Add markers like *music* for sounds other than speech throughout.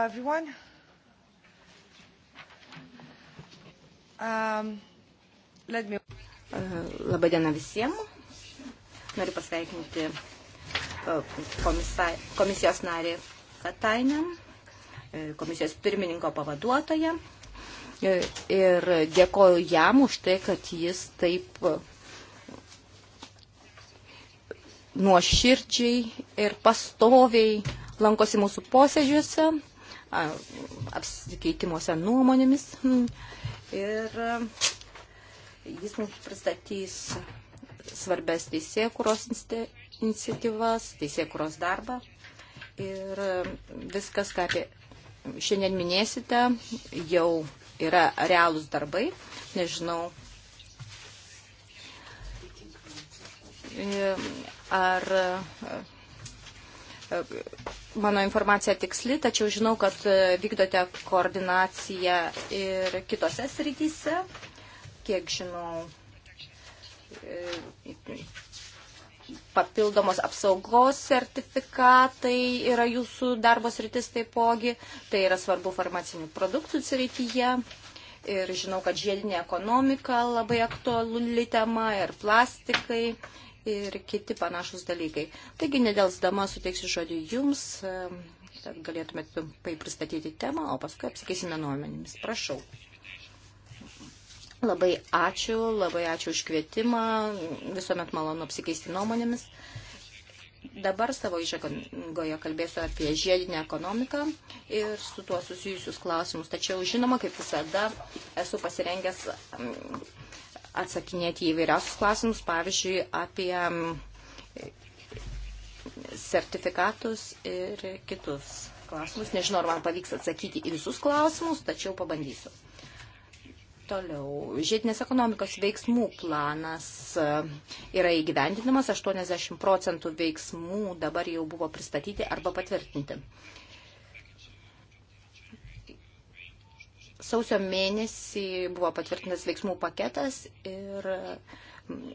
uh, everyone. Um, let me... Uh, Labai diena visiems. Noriu pasveikinti uh, komisijos narį Katainiam, uh, komisijos pirmininko pavaduotoją. Ir dėkoju jam už tai, kad jis taip nuoširdžiai ir pastoviai lankosi mūsų posėdžiuose apsikeitimuose nuomonėmis. Hmm. Ir jis mums pristatys svarbės teisėkuros iniciatyvas, teisėkuros darbą. Ir viskas, ką apie šiandien minėsite, jau yra realūs darbai. Nežinau, e, ar mano informacija tiksli, tačiau žinau, kad e, vykdote koordinaciją ir kitose srityse. Kiek žinau, e, papildomos apsaugos sertifikatai yra jūsų darbos rytis taipogi, tai yra svarbu farmacinių produktų srityje. Ir žinau, kad žiedinė ekonomika labai aktuali tema ir plastikai ir kiti panašus dalykai. Taigi, nedelsdama suteiksiu žodį jums, kad e, galėtumėte trumpai pristatyti temą, o paskui apsikeisime nuomenėmis. Prašau. Labai ačiū, labai ačiū už kvietimą, visuomet malonu apsikeisti nuomonėmis. Dabar savo išėgoje kalbėsiu apie žiedinę ekonomiką ir su tuo susijusius klausimus. Tačiau, žinoma, kaip visada, esu pasirengęs atsakinėti į vairiausius klausimus, pavyzdžiui, apie mm, sertifikatus ir kitus klausimus. Nežinau, ar man pavyks atsakyti į visus klausimus, tačiau pabandysiu. Toliau. Žiedinės ekonomikos veiksmų planas e, yra įgyvendinamas. 80 procentų veiksmų dabar jau buvo pristatyti arba patvirtinti. Sausio mėnesį buvo patvirtintas veiksmų paketas ir mm,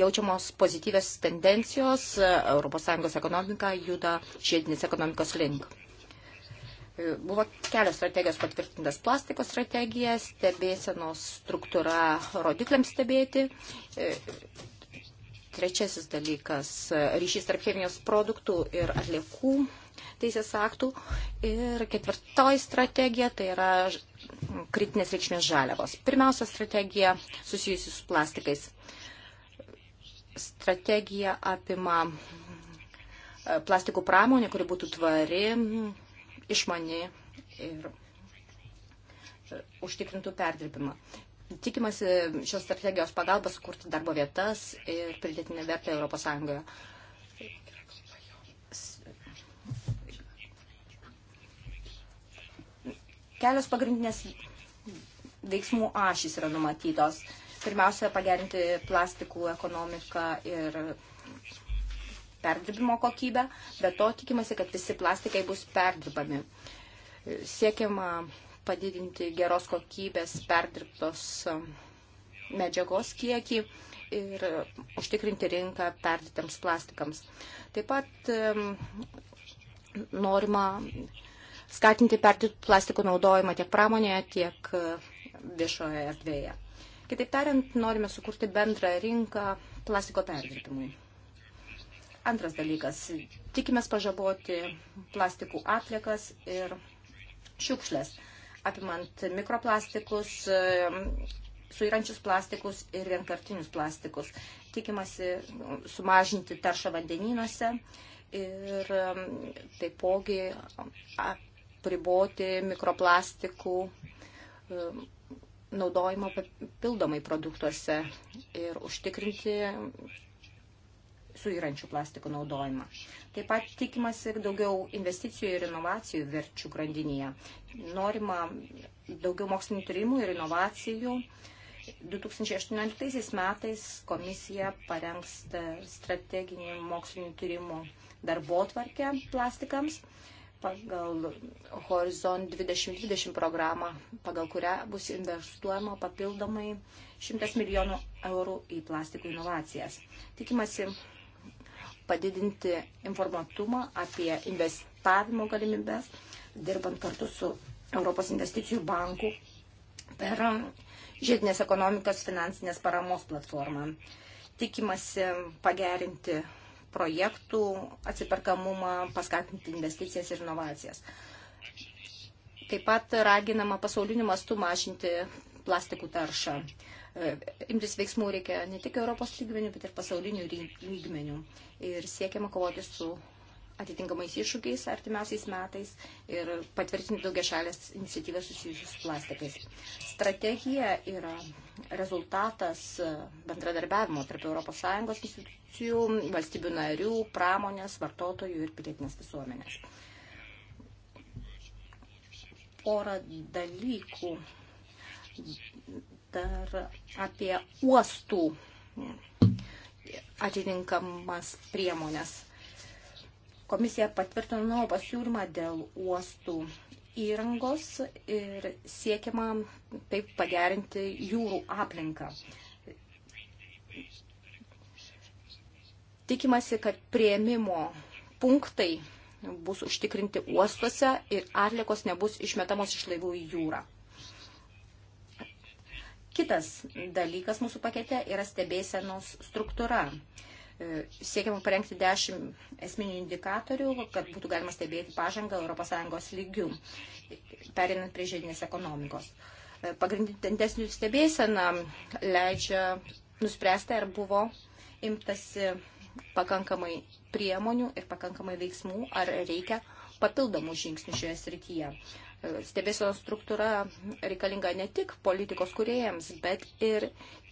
jaučiamos pozityvios tendencijos, ES ekonomika juda žiedinės ekonomikos link. E, buvo kelios strategijos patvirtintas plastiko strategija, stebėsenos struktūra rodikliams stebėti. E, trečiasis dalykas - ryšys tarp chemijos produktų ir atliekų teisės aktų. Ir ketvirtoji strategija - tai yra kritinės reikšmės žaliavos. Pirmiausia strategija susijusi su plastikais. Strategija apima e, plastikų pramonė, kuri būtų tvari, išmani ir e, užtikrintų perdirbimą. Tikimasi šios strategijos pagalba sukurti darbo vietas ir pridėtinę vertę Europos Sąjungoje. Kelios pagrindinės veiksmų ašys yra numatytos. Pirmiausia, pagerinti plastikų ekonomiką ir perdirbimo kokybę, bet to tikimasi, kad visi plastikai bus perdirbami. Siekiama padidinti geros kokybės perdirbtos medžiagos kiekį ir užtikrinti rinką perdytams plastikams. Taip pat norima skatinti perdirbtų plastikų naudojimą tiek pramonėje, tiek e, viešoje erdvėje. Kitaip tariant, norime sukurti bendrą rinką plastiko perdirbimui. Antras dalykas. Tikimės pažaboti plastikų atliekas ir šiukšlės, apimant mikroplastikus, e, suirančius plastikus ir vienkartinius plastikus. Tikimasi nu, sumažinti taršą vandenynuose ir e, taipogi apriboti mikroplastikų e, naudojimo papildomai produktuose ir užtikrinti suyrančių plastikų naudojimą. Taip pat tikimasi daugiau investicijų ir inovacijų verčių grandinėje. Norima daugiau mokslinių tyrimų ir inovacijų. 2018 metais komisija parengs strateginį mokslinių tyrimų darbo tvarkę plastikams pagal Horizon 2020 programą, pagal kurią bus investuojama papildomai 100 milijonų eurų į plastikų inovacijas. Tikimasi padidinti informatumą apie investavimo galimybės, dirbant kartu su Europos investicijų banku per žiedinės ekonomikos finansinės paramos platformą. Tikimasi pagerinti projektų atsiperkamumą, paskatinti investicijas ir inovacijas. Taip pat raginama pasauliniu mastu mažinti plastikų taršą. E, imtis veiksmų reikia ne tik Europos lygmenių, bet ir pasaulinių lygmenių. Ir siekiama kovoti su atitinkamais iššūkiais artimiausiais metais ir patvirtinti daugia šalės iniciatyvas susijusius plastikais. Strategija yra rezultatas e, bendradarbiavimo tarp ES institucijų, valstybių narių, pramonės, vartotojų ir pilietinės visuomenės. Porą dalykų dar apie uostų atitinkamas priemonės Komisija patvirtino naują pasiūlymą dėl uostų įrangos ir siekiama taip pagerinti jūrų aplinką. Tikimasi, kad prieimimo punktai bus užtikrinti uostuose ir atlikos nebus išmetamos iš laivų į jūrą. Kitas dalykas mūsų pakete yra stebėsenos struktūra. E, siekiama parengti 10 esminių indikatorių, kad būtų galima stebėti pažangą ES lygių, perinant prie žiedinės ekonomikos. E, Pagrindinė tendencijų stebėsena leidžia nuspręsti, ar buvo imtasi pakankamai priemonių ir pakankamai veiksmų, ar reikia papildomų žingsnių šioje srityje. Stebėsios struktūra reikalinga ne tik politikos kuriejams, bet ir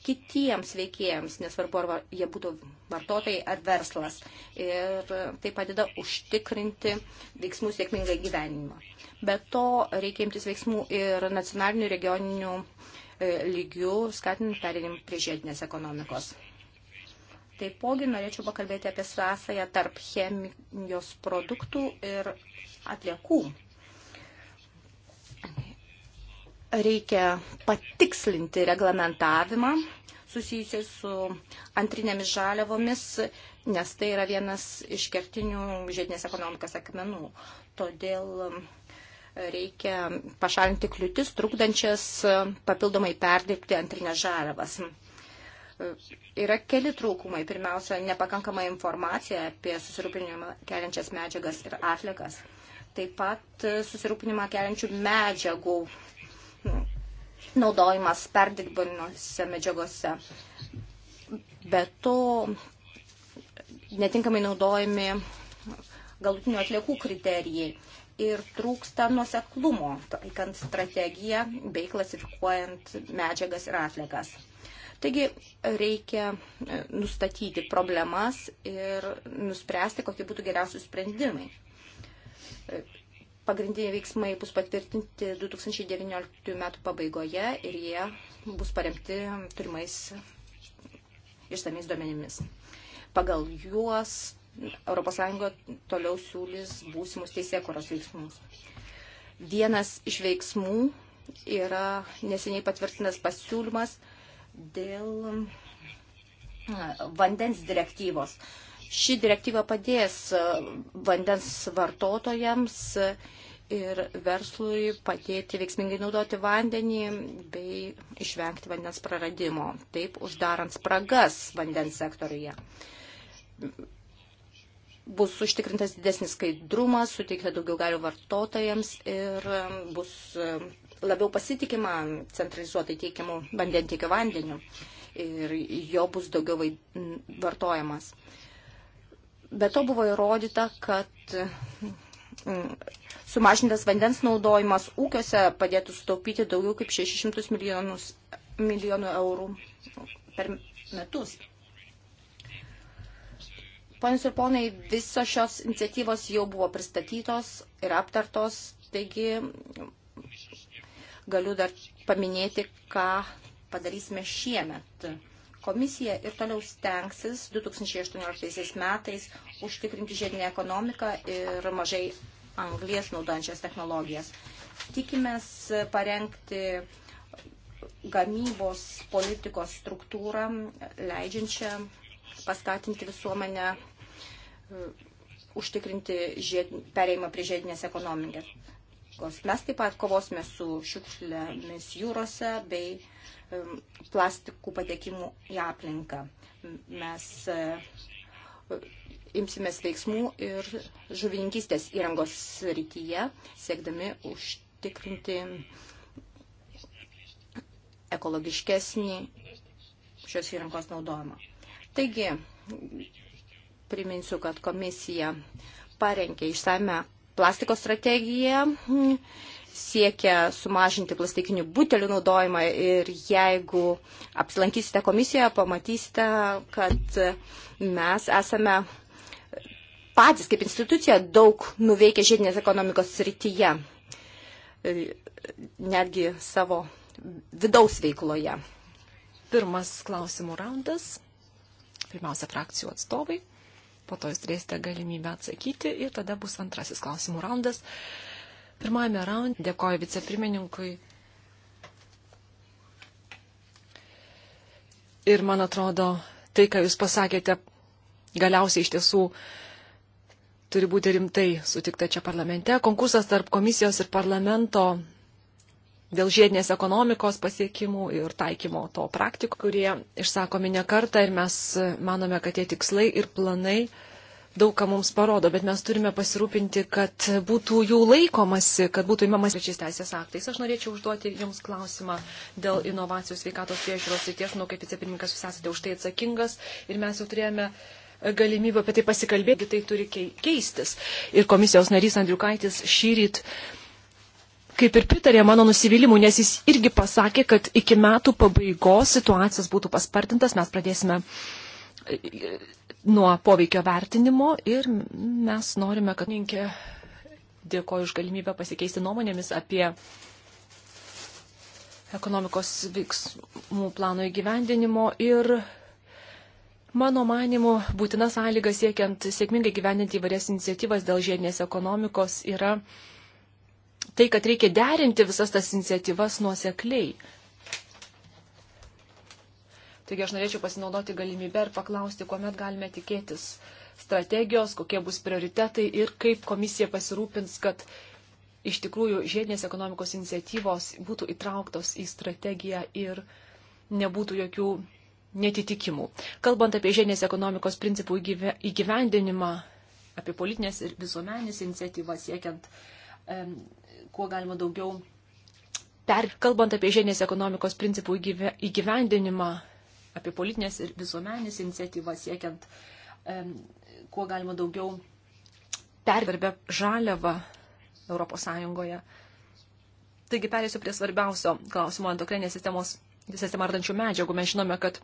kitiems veikėjams, nesvarbu, ar jie būtų vartotojai ar verslas. Ir tai padeda užtikrinti veiksmų sėkmingą gyvenimą. Be to, reikia imtis veiksmų ir nacionalinių, regioninių e, lygių, skatinant perinim prie žiedinės ekonomikos. Taipogi norėčiau pakalbėti apie sąsąją tarp chemijos produktų ir atliekų reikia patikslinti reglamentavimą susijusią su antrinėmis žaliavomis, nes tai yra vienas iš kertinių žiedinės ekonomikos akmenų. Todėl um, reikia pašalinti kliūtis, trukdančias um, papildomai perdirbti antrinės žaliavas. Yra keli trūkumai. Pirmiausia, nepakankama informacija apie susirūpinimą keliančias medžiagas ir atlikas. Taip pat uh, susirūpinimą keliančių medžiagų naudojimas perdirbamose medžiagose. Be to, netinkamai naudojami galutinių atliekų kriterijai ir trūksta nuoseklumo, taikant strategiją bei klasifikuojant medžiagas ir atliekas. Taigi reikia nustatyti problemas ir nuspręsti, kokie būtų geriausi sprendimai. Pagrindiniai veiksmai bus patvirtinti 2019 metų pabaigoje ir jie bus paremti turimais išsamiais duomenimis. Pagal juos ES toliau siūlys būsimus teisėkoros veiksmus. Vienas iš veiksmų yra neseniai patvirtinas pasiūlymas dėl vandens direktyvos. Uh, Ši direktyva padės e, vandens vartotojams ir verslui padėti veiksmingai naudoti vandenį bei išvengti vandens praradimo, taip uždarant spragas vandens sektoriuje. Bus užtikrintas didesnis skaidrumas, suteikta daugiau galių vartotojams ir bus e, labiau pasitikima centralizuotai teikiamų vandentiekio vandeniu ir jo bus daugiau vartojamas. Vaid Be to buvo įrodyta, kad mm, sumažintas vandens naudojimas ūkiuose padėtų sutaupyti daugiau kaip 600 milijonus, milijonų eurų per metus. Ponius ir ponai, visos šios iniciatyvos jau buvo pristatytos ir aptartos, taigi galiu dar paminėti, ką padarysime šiemet. Komisija ir toliau stengsis 2018 metais užtikrinti žiedinę ekonomiką ir mažai anglies naudančias technologijas. Tikimės parengti gamybos politikos struktūrą, leidžiančią paskatinti visuomenę e, užtikrinti žied, pereimą prie žiedinės ekonomikos. Mes taip pat kovosime su šiukšlėmis jūrose bei Um, plastikų patekimų į aplinką. Mes uh, imsimės veiksmų ir žuvininkystės įrangos rytyje, siekdami užtikrinti ekologiškesnį šios įrangos naudojimą. Taigi, priminsiu, kad komisija parengė išsame plastiko strategiją siekia sumažinti plastikinių butelių naudojimą ir jeigu apsilankysite komisijoje, pamatysite, kad mes esame patys kaip institucija daug nuveikę žiedinės ekonomikos srityje, netgi savo vidaus veikloje. Pirmas klausimų raundas. Pirmiausia, frakcijų atstovai. Po to jūs turėsite galimybę atsakyti ir tada bus antrasis klausimų raundas. Uh, Pirmajame raunde dėkoju vicepirmininkui. Ir man atrodo, tai, ką jūs pasakėte, galiausiai iš tiesų turi būti rimtai sutikta čia parlamente. Konkursas tarp komisijos ir parlamento dėl žiedinės ekonomikos pasiekimų ir taikymo to praktikų, kurie išsakomi ne kartą ir mes manome, kad tie tikslai ir planai daug ką mums parodo, bet mes turime pasirūpinti, kad būtų jų laikomasi, kad būtų įmamas rečiais teisės aktais. Aš norėčiau užduoti Jums klausimą dėl inovacijų sveikatos priežiūros ir tiešinau, kaip vicepirmininkas Jūs esate už tai atsakingas ir mes jau turėjome galimybę apie tai pasikalbėti, tai turi keistis. Ir komisijos narys Andriukaitis šį rytą kaip ir pritarė mano nusivylimu, nes jis irgi pasakė, kad iki metų pabaigos situacijas būtų paspartintas, mes pradėsime nuo poveikio vertinimo ir mes norime, kad ninkė dėkoju už galimybę pasikeisti nuomonėmis apie ekonomikos veiksmų plano įgyvendinimo ir Mano manimu, būtina sąlyga siekiant sėkmingai gyveninti įvairias iniciatyvas dėl žiedinės ekonomikos yra tai, kad reikia derinti visas tas iniciatyvas nuosekliai. Taigi aš norėčiau pasinaudoti galimybę ir paklausti, kuomet galime tikėtis strategijos, kokie bus prioritetai ir kaip komisija pasirūpins, kad iš tikrųjų žiedinės ekonomikos iniciatyvos būtų įtrauktos į strategiją ir nebūtų jokių netitikimų. Kalbant apie žiedinės ekonomikos principų įgyvendinimą, apie politinės ir visuomenės iniciatyvas siekiant um, kuo galima daugiau. Per, kalbant apie žiedinės ekonomikos principų įgyvendinimą, apie politinės ir visuomenės iniciatyvas siekiant kuo galima daugiau perverbę žaliavą ES. Taigi perėsiu prie svarbiausio klausimo endokrinės sistemos, sistemą ardančių medžiagų. Mes žinome, kad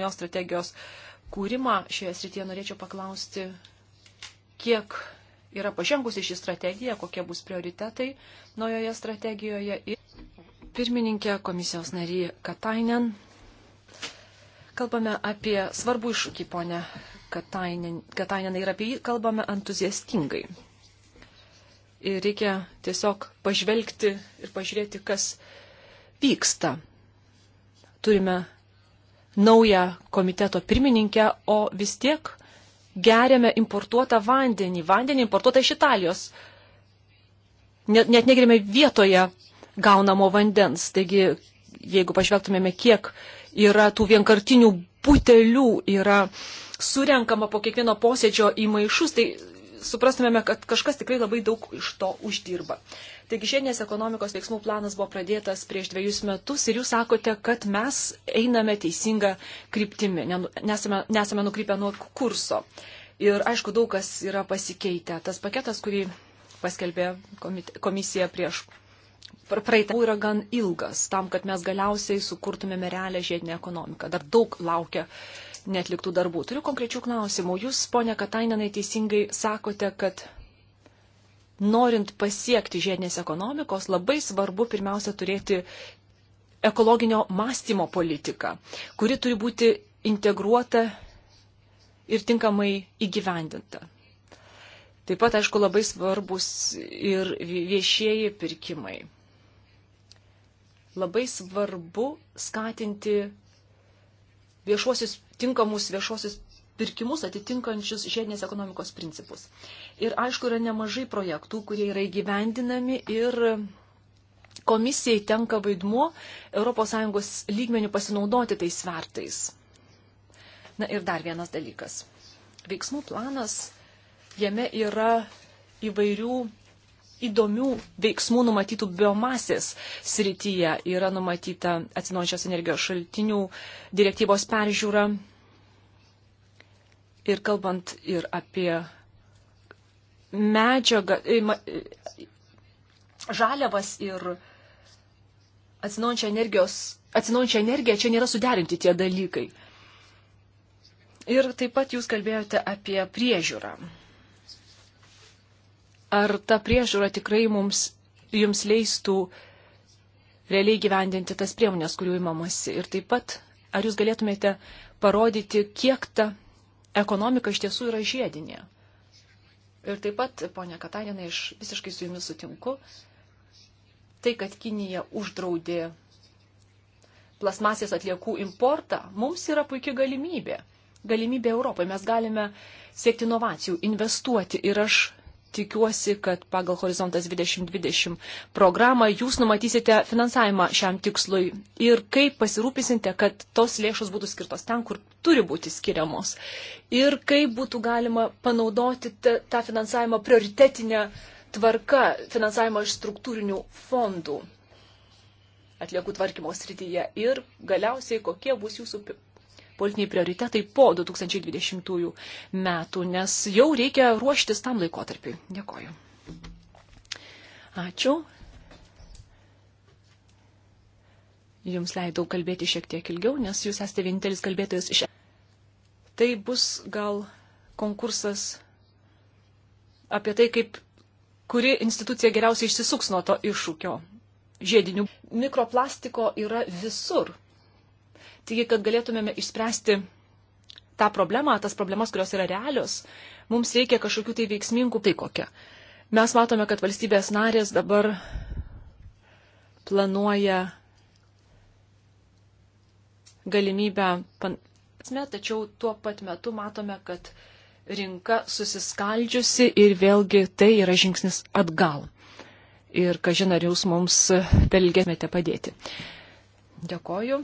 jos strategijos kūrimą šioje srityje norėčiau paklausti, kiek yra pažengusi ši strategija, kokie bus prioritetai naujoje strategijoje. Pirmininkė komisijos nary Katainen, Kalbame apie svarbų iššūkį, ponė Katainen, ir apie jį kalbame entuziastingai. Ir reikia tiesiog pažvelgti ir pažiūrėti, kas vyksta. Turime naują komiteto pirmininkę, o vis tiek geriame importuotą vandenį, vandenį importuotą iš Italijos. Net, net negeriame vietoje gaunamo vandens. Taigi, jeigu pažvelgtumėme, kiek yra tų vienkartinių butelių, yra surenkama po kiekvieno posėdžio į maišus, tai suprastumėme, kad kažkas tikrai labai daug iš to uždirba. Taigi šiandienės ekonomikos veiksmų planas buvo pradėtas prieš dviejus metus ir jūs sakote, kad mes einame teisinga kryptimi, nesame, nesame nukrypę nuo kurso. Ir aišku, daug kas yra pasikeitę. Tas paketas, kurį paskelbė komisija prieš praeitą yra gan ilgas tam, kad mes galiausiai sukurtumėme realią žiedinę ekonomiką. Dar daug laukia netliktų darbų. Turiu konkrečių klausimų. Jūs, ponia Katainenai, teisingai sakote, kad norint pasiekti žiedinės ekonomikos, labai svarbu pirmiausia turėti ekologinio mąstymo politiką, kuri turi būti integruota ir tinkamai įgyvendinta. Taip pat, aišku, labai svarbus ir viešieji pirkimai. Labai svarbu skatinti viešuosius, tinkamus viešuosius pirkimus atitinkančius žiedinės ekonomikos principus. Ir aišku, yra nemažai projektų, kurie yra įgyvendinami ir komisijai tenka vaidmuo ES lygmenių pasinaudoti tais svertais. Na ir dar vienas dalykas. Veiksmų planas Jame yra įvairių įdomių veiksmų numatytų biomasės srityje. Yra numatyta atsinaujančios energijos šaltinių direktyvos peržiūra. Ir kalbant ir apie medžiagą, e, e, žaliavas ir atsinaujančią energiją, čia nėra suderinti tie dalykai. Ir taip pat jūs kalbėjote apie priežiūrą ar ta priežiūra tikrai mums, jums leistų realiai gyvendinti tas priemonės, kurių įmamasi. Ir taip pat, ar jūs galėtumėte parodyti, kiek ta ekonomika iš tiesų yra žiedinė. Ir taip pat, ponia Katarinai, aš visiškai su jumis sutinku, tai, kad Kinija uždraudė plasmasės atliekų importą, mums yra puikia galimybė. Galimybė Europai. Mes galime siekti inovacijų, investuoti. Ir aš tikiuosi, kad pagal Horizontas 2020 programą jūs numatysite finansavimą šiam tikslui ir kaip pasirūpysite, kad tos lėšos būtų skirtos ten, kur turi būti skiriamos. Ir kaip būtų galima panaudoti tą finansavimą prioritetinę tvarką, finansavimą iš struktūrinių fondų atliekų tvarkymo srityje. Ir galiausiai, kokie bus jūsų politiniai prioritetai po 2020 metų, nes jau reikia ruoštis tam laikotarpiui. Dėkoju. Ačiū. Jums leidau kalbėti šiek tiek ilgiau, nes jūs esate vienintelis kalbėtojas iš. Tai bus gal konkursas apie tai, kaip kuri institucija geriausiai išsisuks nuo to iššūkio žiedinių. Mikroplastiko yra visur. Taigi, kad galėtumėme išspręsti tą problemą, tas problemas, kurios yra realios, mums reikia kažkokių tai veiksmingų tai kokia. Mes matome, kad valstybės narės dabar planuoja galimybę, pan... tačiau tuo pat metu matome, kad rinka susiskaldžiusi ir vėlgi tai yra žingsnis atgal. Ir, kažin, ar jūs mums per ilgesmėte padėti. Dėkoju.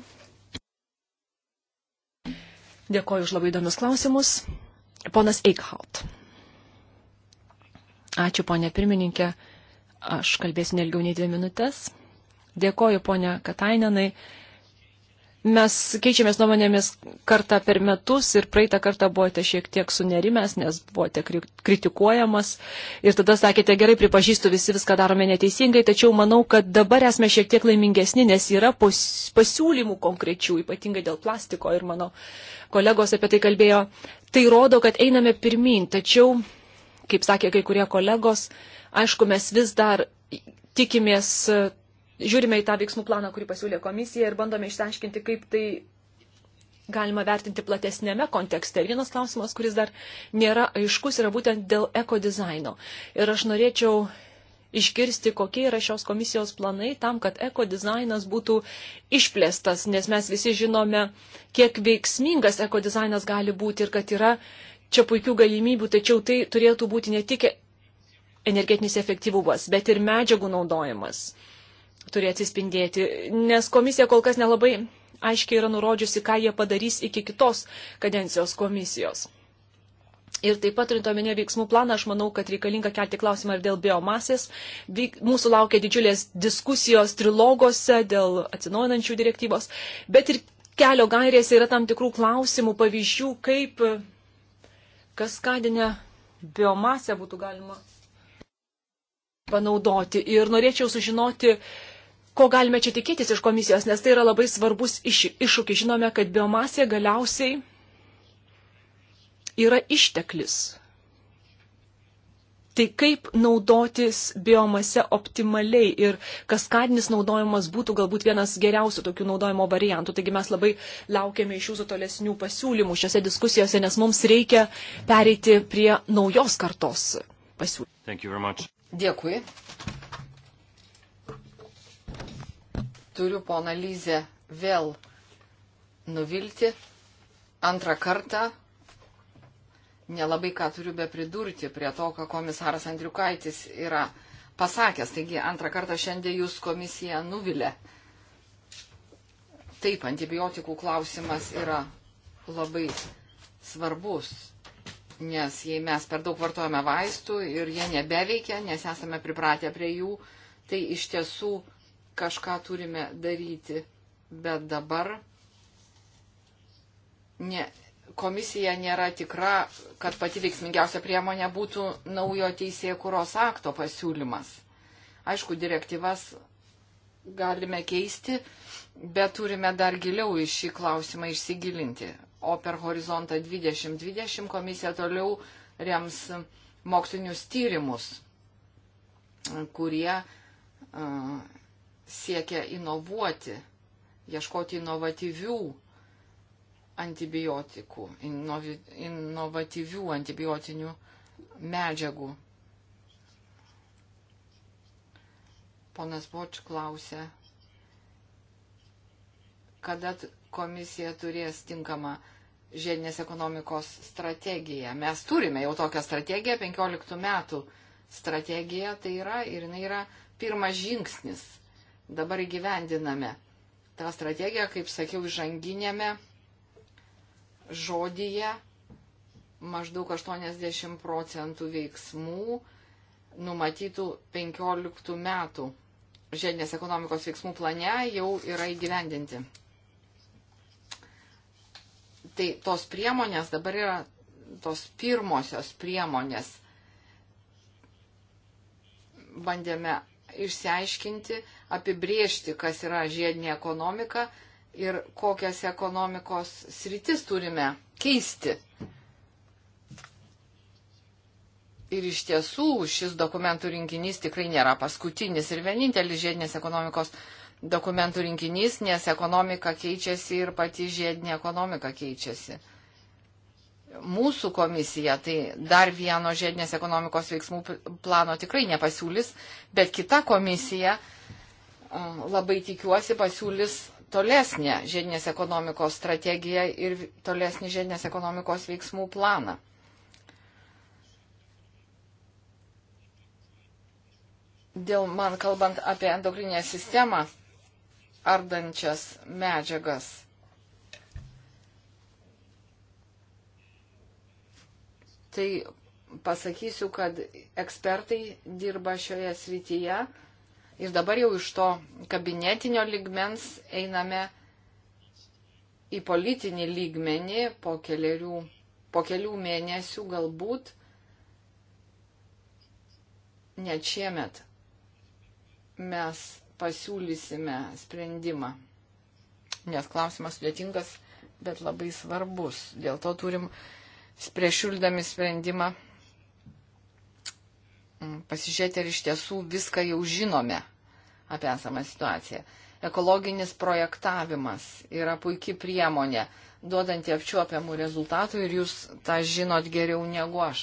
Dėkoju už labai įdomius klausimus. Ponas Eichhaut. Ačiū, ponė pirmininkė. Aš kalbėsiu nelgiau nei dvi minutės. Dėkoju, ponė Katainenai. Mes keičiamės nuomonėmis kartą per metus ir praeitą kartą buvote šiek tiek sunerimęs, nes buvote kritikuojamas ir tada sakėte, gerai, pripažįstu, visi viską darome neteisingai, tačiau manau, kad dabar esame šiek tiek laimingesni, nes yra pasiūlymų konkrečių, ypatingai dėl plastiko ir mano kolegos apie tai kalbėjo. Tai rodo, kad einame pirmin, tačiau, kaip sakė kai kurie kolegos, aišku, mes vis dar tikimės žiūrime į tą veiksmų planą, kurį pasiūlė komisija ir bandome išsiaiškinti, kaip tai galima vertinti platesnėme kontekste. Vienas klausimas, kuris dar nėra aiškus, yra būtent dėl ekodizaino. Ir aš norėčiau išgirsti, kokie yra šios komisijos planai tam, kad ekodizainas būtų išplėstas, nes mes visi žinome, kiek veiksmingas ekodizainas gali būti ir kad yra čia puikių galimybių, tačiau tai turėtų būti ne tik energetinis efektyvumas, bet ir medžiagų naudojimas turi atsispindėti, nes komisija kol kas nelabai aiškiai yra nurodžiusi, ką jie padarys iki kitos kadencijos komisijos. Ir taip pat turint omenyje veiksmų planą, aš manau, kad reikalinga kelti klausimą ir dėl biomasės. Mūsų laukia didžiulės diskusijos trilogose dėl atsinaujinančių direktyvos, bet ir kelio gairėse yra tam tikrų klausimų, pavyzdžių, kaip kaskadinę biomasę būtų galima panaudoti. Ir norėčiau sužinoti, uh, ko galime čia tikėtis iš komisijos, nes tai yra labai svarbus iš, iššūkis. Žinome, kad biomasė galiausiai yra išteklis. Tai kaip naudotis biomase optimaliai ir kaskadinis naudojimas būtų galbūt vienas geriausių tokių naudojimo variantų. Taigi mes labai laukiame iš jūsų tolesnių pasiūlymų šiose diskusijose, nes mums reikia pereiti prie naujos kartos pasiūlymų. Dėkui. turiu po analizę vėl nuvilti. Antrą kartą nelabai ką turiu be pridurti prie to, ką komisaras Andriukaitis yra pasakęs. Taigi antrą kartą šiandien jūs komisija nuvilė. Taip, antibiotikų klausimas yra labai svarbus, nes jei mes per daug vartojame vaistų ir jie nebeveikia, nes esame pripratę prie jų, tai iš tiesų kažką turime daryti, bet dabar ne, komisija nėra tikra, kad pati veiksmingiausia priemonė būtų naujo teisėjų kuros akto pasiūlymas. Aišku, direktyvas galime keisti, bet turime dar giliau į šį klausimą išsigilinti. O per horizontą 2020 komisija toliau rems mokslinius tyrimus, kurie uh, siekia inovuoti, ieškoti inovatyvių antibiotikų, inovi, inovatyvių antibiotinių medžiagų. Ponas Boč klausė, kada komisija turės tinkamą žiedinės ekonomikos strategiją. Mes turime jau tokią strategiją, 15 metų strategija tai yra ir jinai yra pirmas žingsnis dabar įgyvendiname. Ta strategija, kaip sakiau, žanginėme žodyje maždaug 80 procentų veiksmų numatytų 15 metų žiedinės ekonomikos veiksmų plane jau yra įgyvendinti. Tai tos priemonės dabar yra tos pirmosios priemonės. Bandėme išsiaiškinti, apibriežti, kas yra žiedinė ekonomika ir kokias ekonomikos sritis turime keisti. Ir iš tiesų šis dokumentų rinkinys tikrai nėra paskutinis ir vienintelis žiedinės ekonomikos dokumentų rinkinys, nes ekonomika keičiasi ir pati žiedinė ekonomika keičiasi. Mūsų komisija tai dar vieno žiedinės ekonomikos veiksmų plano tikrai nepasiūlys, bet kita komisija labai tikiuosi, pasiūlys tolesnę žiedinės ekonomikos strategiją ir tolesnį žiedinės ekonomikos veiksmų planą. Dėl man kalbant apie endokrinę sistemą ardančias medžiagas. Tai pasakysiu, kad ekspertai dirba šioje srityje Ir dabar jau iš to kabinetinio ligmens einame į politinį lygmenį po, keliarių, po kelių mėnesių galbūt net šiemet mes pasiūlysime sprendimą. Nes klausimas sudėtingas, bet labai svarbus. Dėl to turim priešildami sprendimą mm, pasižiūrėti, ar iš tiesų viską jau žinome apie esamą situaciją. Ekologinis projektavimas yra puikia priemonė, duodanti apčiuopiamų rezultatų ir jūs tą žinot geriau negu aš.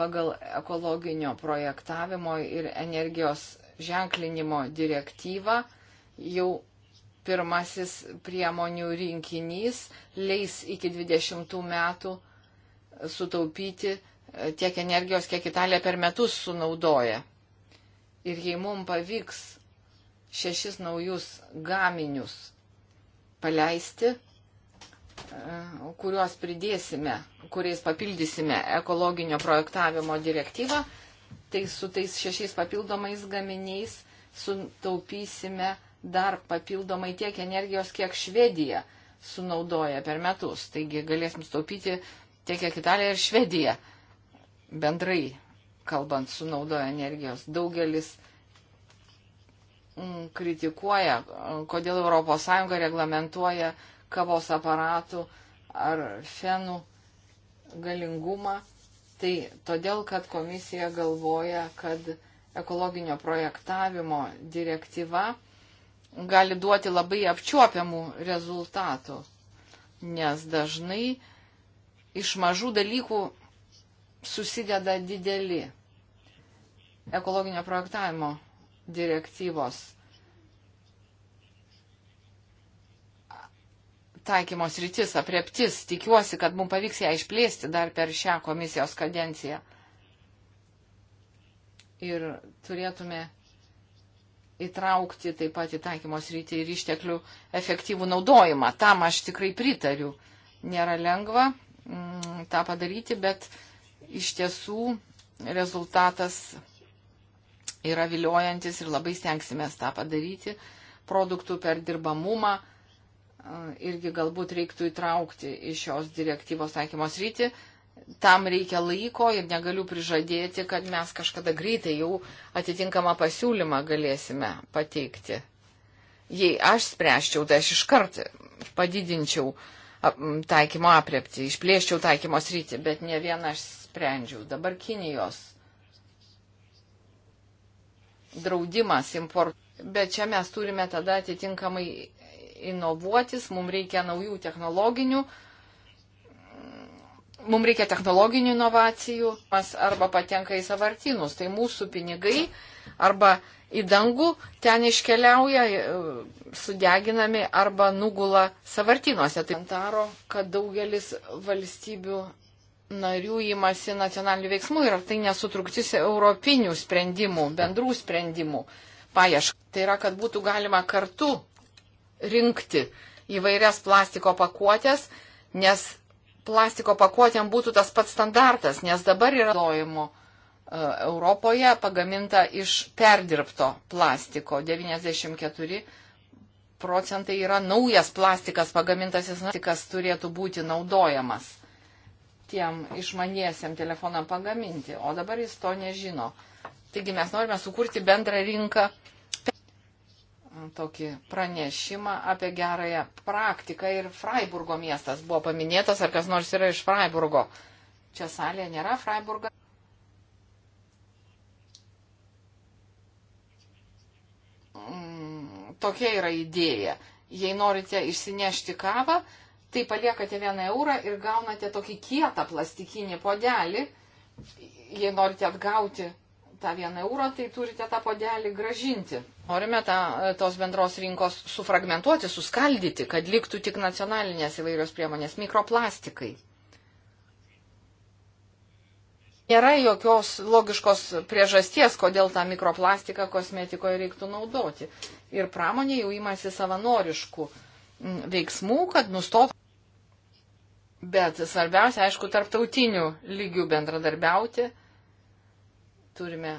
Pagal ekologinio projektavimo ir energijos ženklinimo direktyvą jau pirmasis priemonių rinkinys leis iki 20 metų sutaupyti e, tiek energijos, kiek Italija per metus sunaudoja. Ir jei mums pavyks šešis naujus gaminius paleisti, e, kuriuos pridėsime, kuriais papildysime ekologinio projektavimo direktyvą, tai su tais šešiais papildomais gaminiais sutaupysime dar papildomai tiek energijos, kiek Švedija sunaudoja per metus. Taigi galėsim sutaupyti tiek, kiek Italija ir Švedija bendrai kalbant sunaudoja energijos. Daugelis mm, kritikuoja, kodėl ES reglamentuoja kavos aparatų ar fenų galingumą. Tai todėl, kad komisija galvoja, kad ekologinio projektavimo direktyva gali duoti labai apčiuopiamų rezultatų, nes dažnai iš mažų dalykų susideda dideli ekologinio projektavimo direktyvos taikymos rytis, apreptis. Tikiuosi, kad mums pavyks ją išplėsti dar per šią komisijos kadenciją. Ir turėtume įtraukti taip pat į taikymos rytį ir išteklių efektyvų naudojimą. Tam aš tikrai pritariu. Nėra lengva mm, tą padaryti, bet uh, iš tiesų rezultatas yra viliojantis ir labai stengsime tą padaryti. Produktų perdirbamumą e, irgi galbūt reiktų įtraukti iš šios direktyvos taikymos rytį. Tam reikia laiko ir negaliu prižadėti, kad mes kažkada greitai jau atitinkamą pasiūlymą galėsime pateikti. Jei aš spręščiau, tai aš iškart padidinčiau taikymo aprepti, išplėščiau taikymo sritį, bet ne viena aš sprendžiau. Dabar Kinijos draudimas import. Bet čia mes turime tada atitinkamai inovuotis, mums reikia naujų technologinių, mums reikia technologinių inovacijų, mes arba patenka į savartinus, tai mūsų pinigai arba į dangų ten iškeliauja, e, sudeginami arba nugula savartinuose. Tai antaro, kad daugelis valstybių narių įmasi nacionalinių veiksmų ir ar tai nesutruktis europinių sprendimų, bendrų sprendimų paiešką. Tai yra, kad būtų galima kartu rinkti įvairias plastiko pakuotės, nes plastiko pakuotėm būtų tas pats standartas, nes dabar yra naudojimo e, Europoje pagaminta iš perdirbto plastiko. 94 procentai yra naujas plastikas pagamintas, jis plastikas turėtų būti naudojamas tiem išmaniesiem telefonam pagaminti, o dabar jis to nežino. Taigi mes norime sukurti bendrą rinką, tokį pranešimą apie gerąją praktiką ir Freiburgo miestas buvo paminėtas, ar kas nors yra iš Freiburgo. Čia salėje nėra Freiburga. Mm, tokia yra idėja. Jei norite išsinešti kavą, tai paliekate vieną eurą ir gaunate tokį kietą plastikinį podelį. Jei norite atgauti tą vieną eurą, tai turite tą podelį gražinti. Norime tą, e, tos bendros rinkos sufragmentuoti, suskaldyti, kad liktų tik nacionalinės įvairios priemonės, mikroplastikai. Nėra jokios logiškos priežasties, kodėl tą mikroplastiką kosmetikoje reiktų naudoti. Ir pramonė jau imasi savanoriškų veiksmų, kad nustotų. Bet svarbiausia, aišku, tarptautinių lygių bendradarbiauti. Turime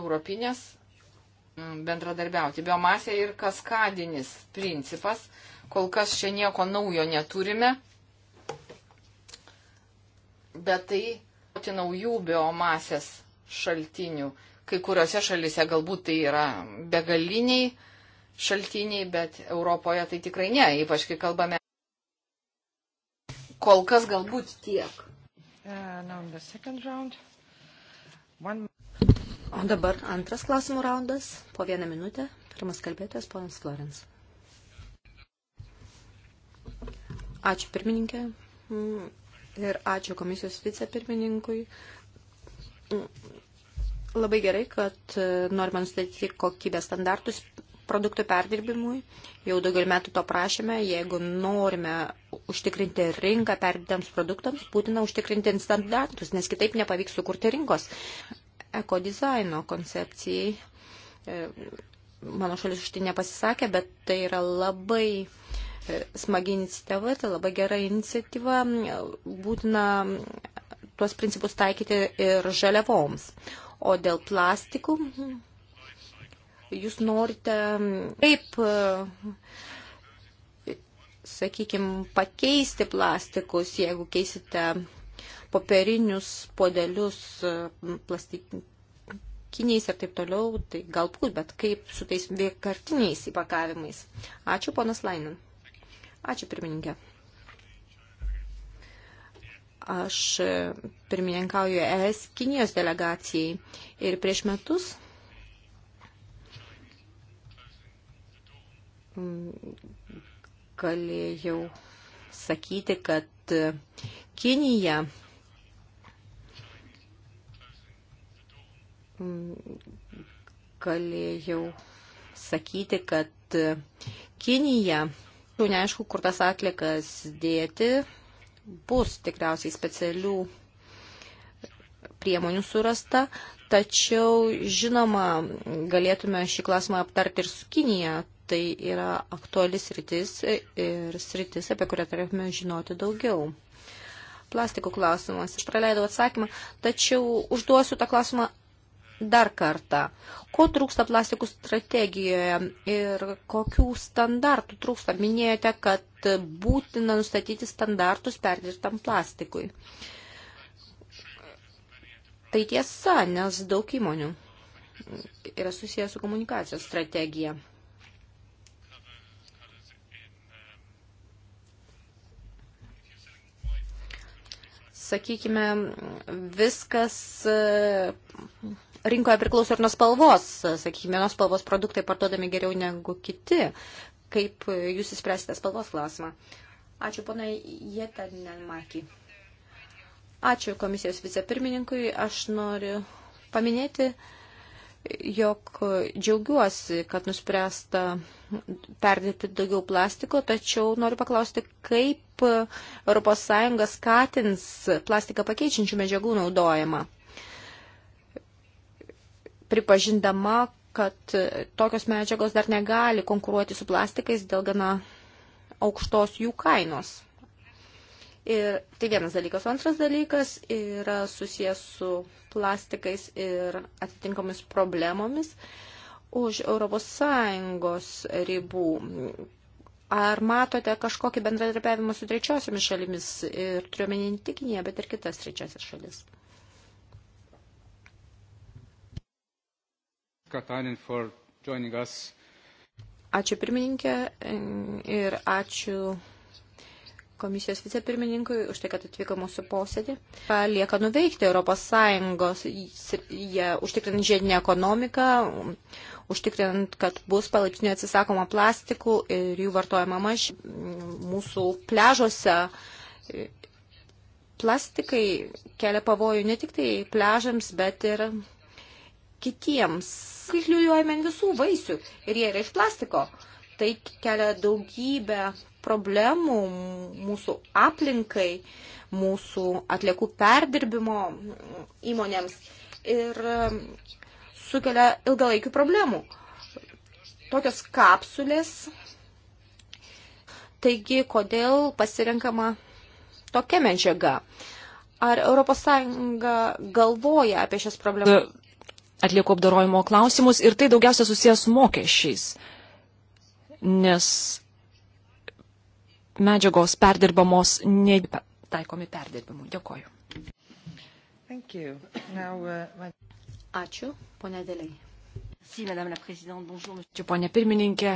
europinės mm, bendradarbiauti. Biomasė ir kaskadinis principas. Kol kas čia nieko naujo neturime. Bet tai naujų biomasės šaltinių. Kai kuriuose šalise galbūt tai yra begaliniai šaltiniai, bet Europoje tai tikrai ne, ypač kai kalbame. Kol kas galbūt tiek. Uh, o dabar antras klausimų raundas. Po vieną minutę. Pirmas kalbėtojas, ponas Florence. Ačiū pirmininkė mm, ir ačiū komisijos vicepirmininkui. Mm, labai gerai, kad e, norime nustatyti kokybės standartus produktų perdirbimui. Jau daugelį metų to prašėme. Jeigu norime užtikrinti rinką perdirbtams produktams, būtina užtikrinti standartus, nes kitaip nepavyks sukurti rinkos. Ekodizaino koncepcijai e, mano šalis už tai nepasisakė, bet tai yra labai e, smagi iniciatyva, tai labai gera iniciatyva. Būtina tuos principus taikyti ir žaliavoms. O dėl plastikų jūs norite kaip, e, sakykime, pakeisti plastikus, jeigu keisite popierinius podelius e, plastikiniais ir taip toliau, tai galbūt, bet kaip su tais vienkartiniais įpakavimais. Ačiū, ponas Lainin. Ačiū, pirmininkė. Aš e, pirmininkauju ES Kinijos delegacijai ir prieš metus galėjau sakyti, kad Kinija galėjau sakyti, kad Kinija, jau nu, neaišku, kur tas atlikas dėti, bus tikriausiai specialių priemonių surasta, tačiau, žinoma, galėtume šį klausimą aptarti ir su Kinija, tai yra aktuali sritis ir sritis, apie kurią turėtume žinoti daugiau. Plastikų klausimas. Aš praleidau atsakymą, tačiau užduosiu tą klausimą dar kartą. Ko trūksta plastikų strategijoje ir kokių standartų trūksta? Minėjote, kad būtina nustatyti standartus perdirbtam plastikui. Tai tiesa, nes daug įmonių yra susijęs su komunikacijos strategija. sakykime, viskas e, rinkoje priklauso ir nuo spalvos. E, sakykime, vienos spalvos produktai parduodami geriau negu kiti. Kaip jūs įspręsite spalvos klausimą? Ačiū, ponai Jeta Nenmaki. Ačiū komisijos vicepirmininkui. Aš noriu paminėti, uh, jog džiaugiuosi, kad nuspręsta perdirbti daugiau plastiko, tačiau noriu paklausti, kaip ES skatins plastiką pakeičiančių medžiagų naudojimą, pripažindama, kad tokios medžiagos dar negali konkuruoti su plastikais dėl gana aukštos jų kainos. Ir tai vienas dalykas. O antras dalykas yra susijęs su plastikais ir atitinkamomis problemomis už ES ribų. Ar matote kažkokį bendradarbiavimą su trečiosiomis šalimis ir turiuomenį ne tik Kiniją, bet ir kitas trečiasis šalis? Katainen for joining us. Ačiū pirmininkė ir ačiū komisijos vicepirmininkui už tai, kad atvyko mūsų posėdį. Ką lieka nuveikti Europos Sąjungos, jie užtikrint žiedinę ekonomiką, užtikrint, kad bus palaipsniui atsisakoma plastikų ir jų vartojama maž mūsų pležuose. Plastikai kelia pavojų ne tik tai pležams, bet ir kitiems. Kai kliujuojame visų vaisių ir jie yra iš plastiko, tai kelia daugybę problemų mūsų aplinkai, mūsų atliekų perdirbimo įmonėms ir sukelia ilgalaikių problemų. Tokios kapsulės. Taigi, kodėl pasirinkama tokia medžiaga? Ar ES galvoja apie šias problemas? Atlieku apdarojimo klausimus ir tai daugiausia susijęs su mokesčiais. Nes medžiagos perdirbamos netaikomi perdirbimui. Dėkoju. Now, uh, Ačiū, ponė Dėliai. Ačiū, ponė pirmininkė,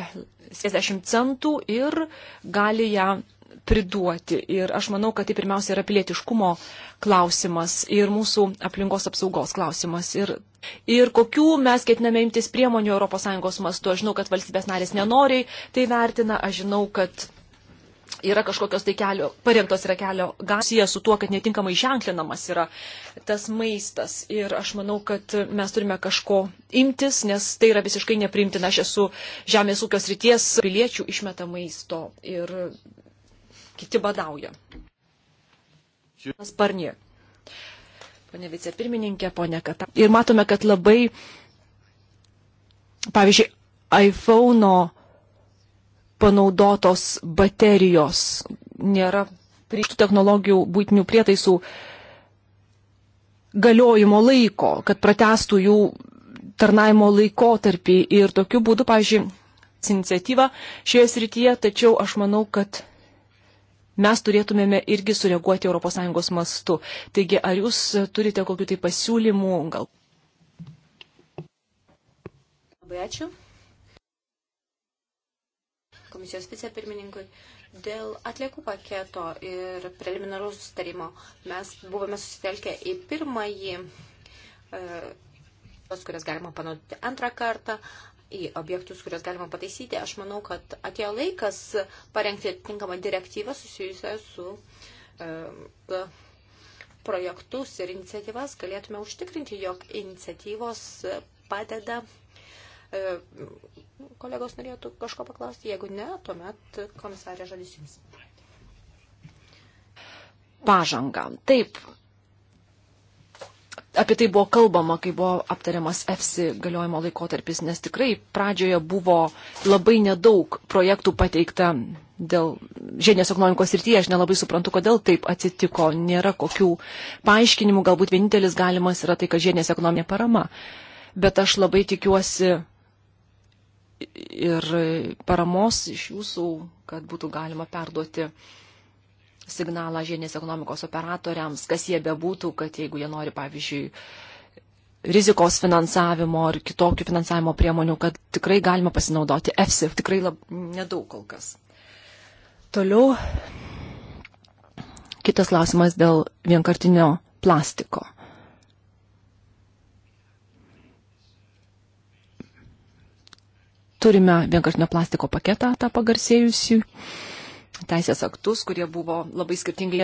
60 centų ir gali ją priduoti. Ir aš manau, kad tai pirmiausia yra pilietiškumo klausimas ir mūsų aplinkos apsaugos klausimas. Ir, ir kokių mes ketiname imtis priemonių ES mastu. Aš žinau, kad valstybės narės nenoriai tai vertina. Aš žinau, kad yra kažkokios tai kelio, parengtos yra kelio gasija su tuo, kad netinkamai ženklinamas yra tas maistas. Ir aš manau, kad mes turime kažko imtis, nes tai yra visiškai neprimtina. Aš esu žemės ūkio srities piliečių išmeta maisto ir kiti badauja. Sparnie. Pone vicepirmininkė, pone Kata. Ir matome, kad labai, pavyzdžiui, iPhone'o panaudotos baterijos, nėra prieštų technologijų būtinių prietaisų galiojimo laiko, kad pratestų jų tarnaimo laikotarpį ir tokiu būdu, pažiūrėjau, iniciatyva šioje srityje, tačiau aš manau, kad mes turėtumėme irgi sureaguoti ES mastu. Taigi, ar jūs turite kokiu tai pasiūlymu? Gal... Labai ačiū komisijos vicepirmininkui dėl atliekų paketo ir preliminaraus sustarimo. Mes buvome susitelkę į pirmąjį, e, tos, kurias galima panaudoti antrą kartą, į objektus, kuriuos galima pataisyti. Aš manau, kad atėjo laikas parengti atitinkamą direktyvą susijusią su e, projektus ir iniciatyvas. Galėtume užtikrinti, jog iniciatyvos padeda E, kolegos norėtų kažko paklausti, jeigu ne, tuomet komisarė žodis jums. Pažanga. Taip. Apie tai buvo kalbama, kai buvo aptariamas EFSI galiojimo laikotarpis, nes tikrai pradžioje buvo labai nedaug projektų pateikta dėl žemės ekonomikos srityje, aš nelabai suprantu, kodėl taip atsitiko, nėra kokių paaiškinimų, galbūt vienintelis galimas yra tai, kad žemės ekonominė parama. Bet aš labai tikiuosi ir paramos iš jūsų, kad būtų galima perduoti signalą žienės ekonomikos operatoriams, kas jie bebūtų, kad jeigu jie nori, pavyzdžiui, rizikos finansavimo ar kitokių finansavimo priemonių, kad tikrai galima pasinaudoti EFSI, tikrai lab, nedaug kol kas. Toliau kitas klausimas dėl vienkartinio plastiko. Turime vienkartinio plastiko paketą, tą pagarsėjusių teisės aktus, kurie buvo labai skirtingi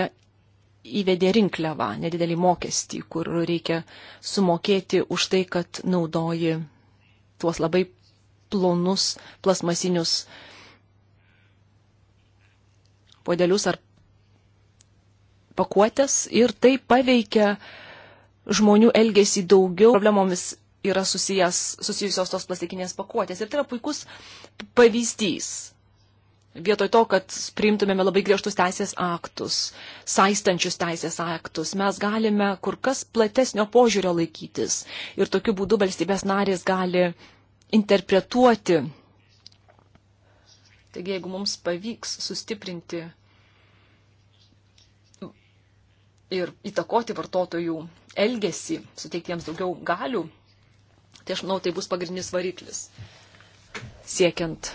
įvedė rinkliavą, nedidelį mokestį, kur reikia sumokėti už tai, kad naudoji tuos labai plonus plasmasinius podelius ar pakuotės ir tai paveikia žmonių elgesį daugiau problemomis yra susijęs, susijusios tos plastikinės pakuotės. Ir tai yra puikus pavyzdys. Vietoj to, kad priimtumėme labai griežtus teisės aktus, saistančius teisės aktus, mes galime kur kas platesnio požiūrio laikytis. Ir tokiu būdu valstybės narės gali interpretuoti. Taigi, jeigu mums pavyks sustiprinti ir įtakoti vartotojų elgesį, suteikti jiems daugiau galių, Tai aš manau, tai bus pagrindinis variklis siekiant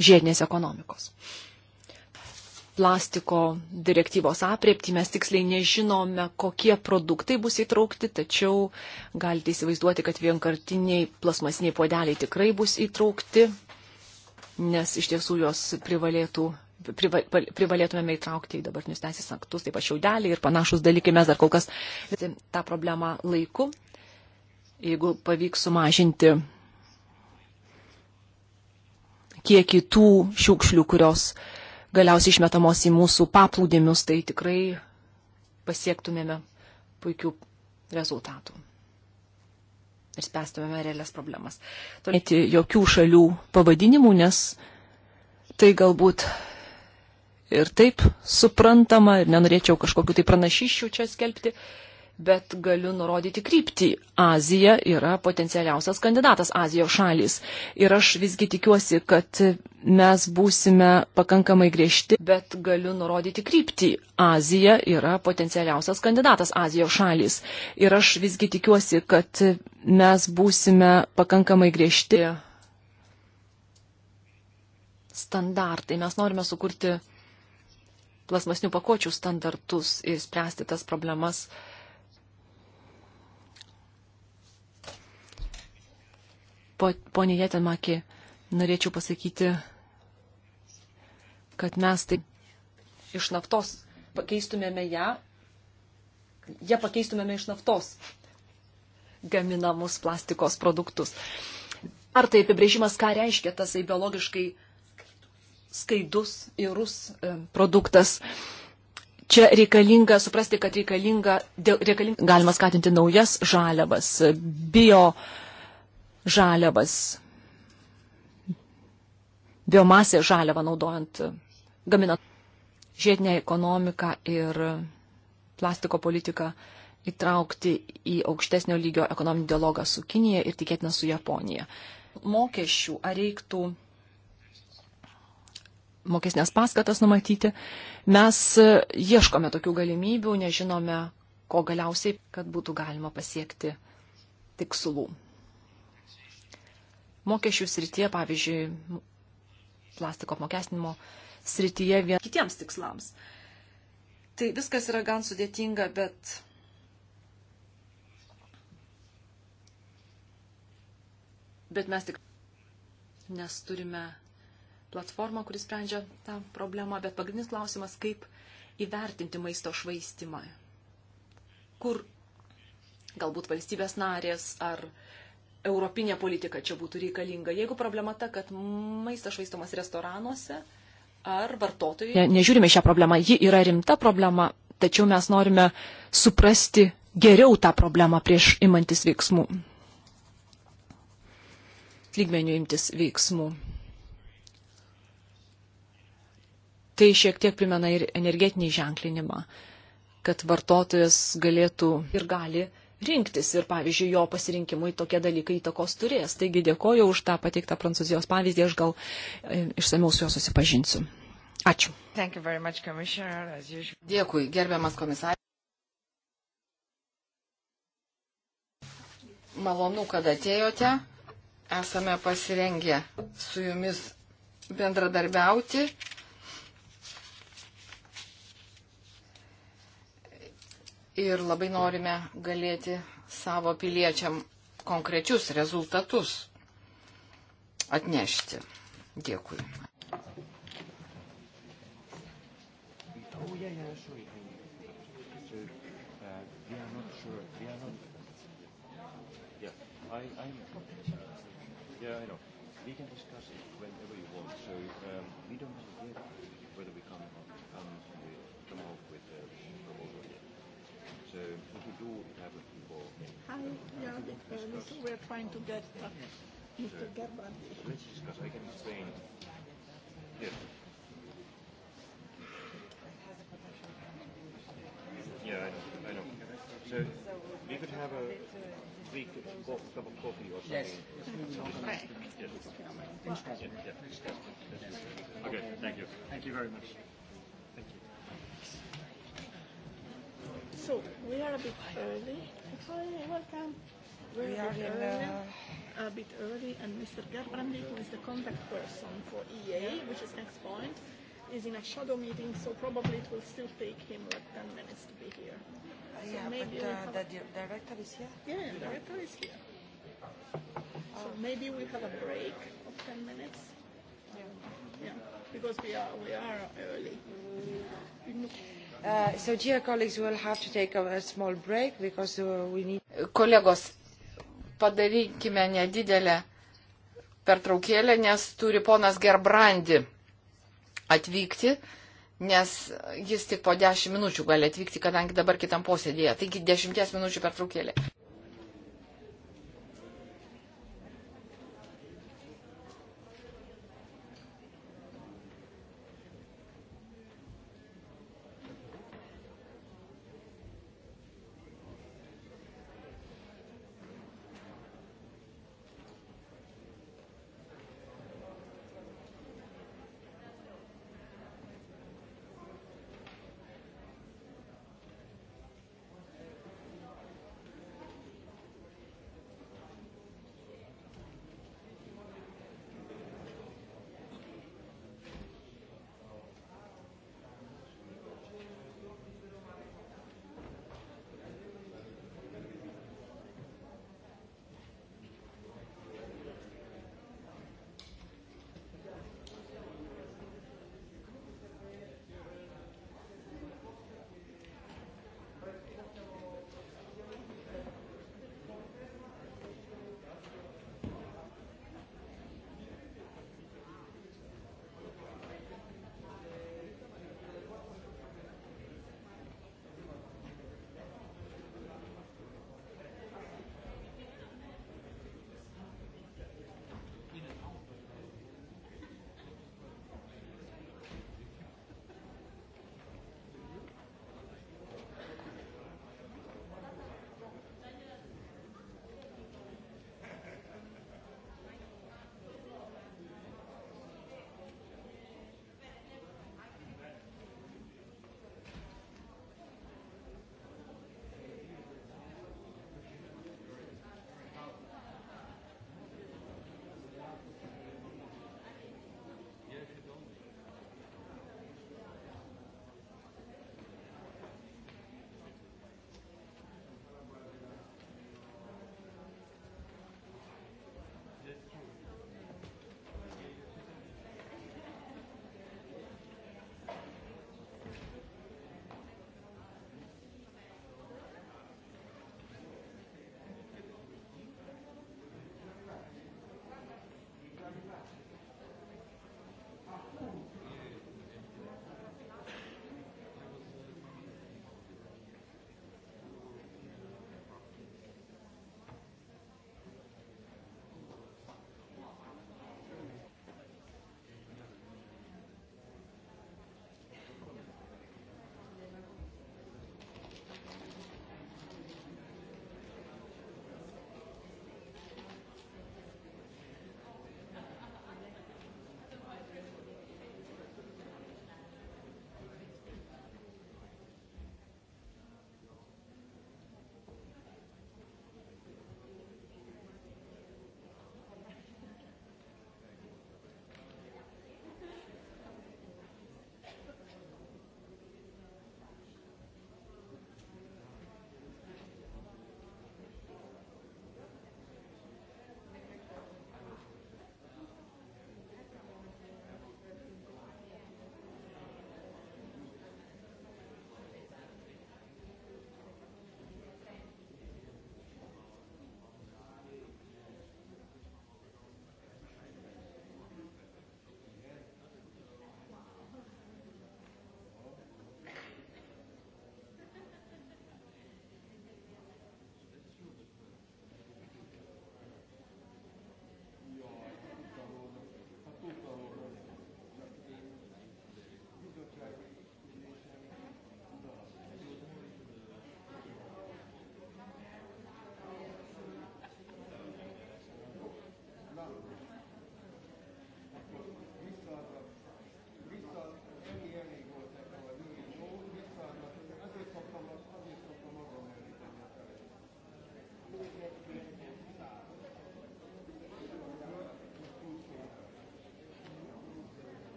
žiedinės ekonomikos. Plastiko direktyvos apriepti mes tiksliai nežinome, kokie produktai bus įtraukti, tačiau galite įsivaizduoti, kad vienkartiniai plasmasiniai podeliai tikrai bus įtraukti, nes iš tiesų juos privalėtų privalėtumėme įtraukti į dabartinius teisės aktus, taip pat šiaudelį ir panašus dalykai. Mes dar kol kas tą problemą laiku, jeigu pavyks sumažinti kiekį tų šiukšlių, kurios galiausiai išmetamos į mūsų paplūdimius, tai tikrai pasiektumėme puikių rezultatų ir spęstumėme realias problemas. Tolėti jokių šalių pavadinimų, nes tai galbūt ir taip suprantama ir nenorėčiau kažkokiu tai pranašyščių čia skelbti, bet galiu nurodyti kryptį. Azija yra potencialiausias kandidatas Azijos šalis ir aš visgi tikiuosi, kad mes būsime pakankamai griežti, bet galiu nurodyti kryptį. Azija yra potencialiausias kandidatas Azijos šalis ir aš visgi tikiuosi, kad mes būsime pakankamai griežti standartai. Mes norime sukurti plasmasnių pakuočių standartus ir spręsti tas problemas. Po, Pone Jėtenmaki, norėčiau pasakyti, kad mes tai iš naftos pakeistumėme ją, ją pakeistumėme iš naftos gaminamus plastikos produktus. Ar tai apibrėžimas, ką reiškia tasai biologiškai skaidus, įrus e, produktas. Čia reikalinga suprasti, kad reikalinga, reikalinga galima skatinti naujas žaliavas, bio žaliavas, biomasė žaliavą naudojant, gaminant žiedinę ekonomiką ir plastiko politiką įtraukti į aukštesnio lygio ekonominį dialogą su Kinija ir tikėtina su Japonija. Mokesčių ar reiktų mokesnės paskatas numatyti. Mes e, ieškome tokių galimybių, nežinome, ko galiausiai, kad būtų galima pasiekti tikslų. Mokesčių srityje, pavyzdžiui, plastiko apmokestinimo srityje vien kitiems tikslams. Tai viskas yra gan sudėtinga, bet bet mes tik nes turime platformą, kuris sprendžia tą problemą, bet pagrindinis klausimas, kaip įvertinti maisto švaistimą. Kur galbūt valstybės narės ar europinė politika čia būtų reikalinga. Jeigu problema ta, kad maistas švaistomas restoranuose ar vartotojai. Ne, nežiūrime šią problemą, ji yra rimta problema, tačiau mes norime suprasti geriau tą problemą prieš imantis veiksmų. Lygmenių imtis veiksmų. tai šiek tiek primena ir energetinį ženklinimą, kad vartotojas galėtų ir gali rinktis ir, pavyzdžiui, jo pasirinkimui tokie dalykai įtakos turės. Taigi dėkoju už tą pateiktą prancūzijos pavyzdį, aš gal e, išsameu su juo susipažinsiu. Ačiū. Much, Dėkui, gerbiamas komisarė. Malonu, kad atėjote. Esame pasirengę su jumis bendradarbiauti. ir labai norime galėti savo piliečiam konkrečius rezultatus atnešti. Dėkui. Oh, yeah, yeah, sorry. So, uh, we are not sure. We are not. Yeah, I, I know. Yeah, I know. We can discuss it whenever you want. So um, we don't know yet whether we come. uh, Boudou have a people. Hi, yeah, uh, Mr. we're trying to get uh, Mr. Gerban. Let's discuss. I can explain. Yes. Yeah, I know. I know. So we could have a three cup of coffee or something. Yes. Okay. Yes. Yes. Yes. Okay. Thank you. Thank you very much. So, we are a bit early. Hi, welcome. We're we are in early, uh, a bit early, and Mr. Gerbrandi, who is the contact person for e EA, which is next point, is in a shadow meeting, so probably it will still take him like 10 minutes to be here. Uh, so yeah, maybe but uh, have... the di director is here? Yeah, the director is here. Ah. So maybe we have a break of 10 minutes. Yeah. Yeah, because we are, we are early. Mm. Uh, so, dear colleagues, we'll have to take a small break because uh, we need. Kolegos, padarykime nedidelę pertraukėlę, nes turi ponas Gerbrandi atvykti, nes jis tik po 10 minučių gali atvykti, kadangi dabar kitam posėdėje. Taigi 10 minučių pertraukėlė.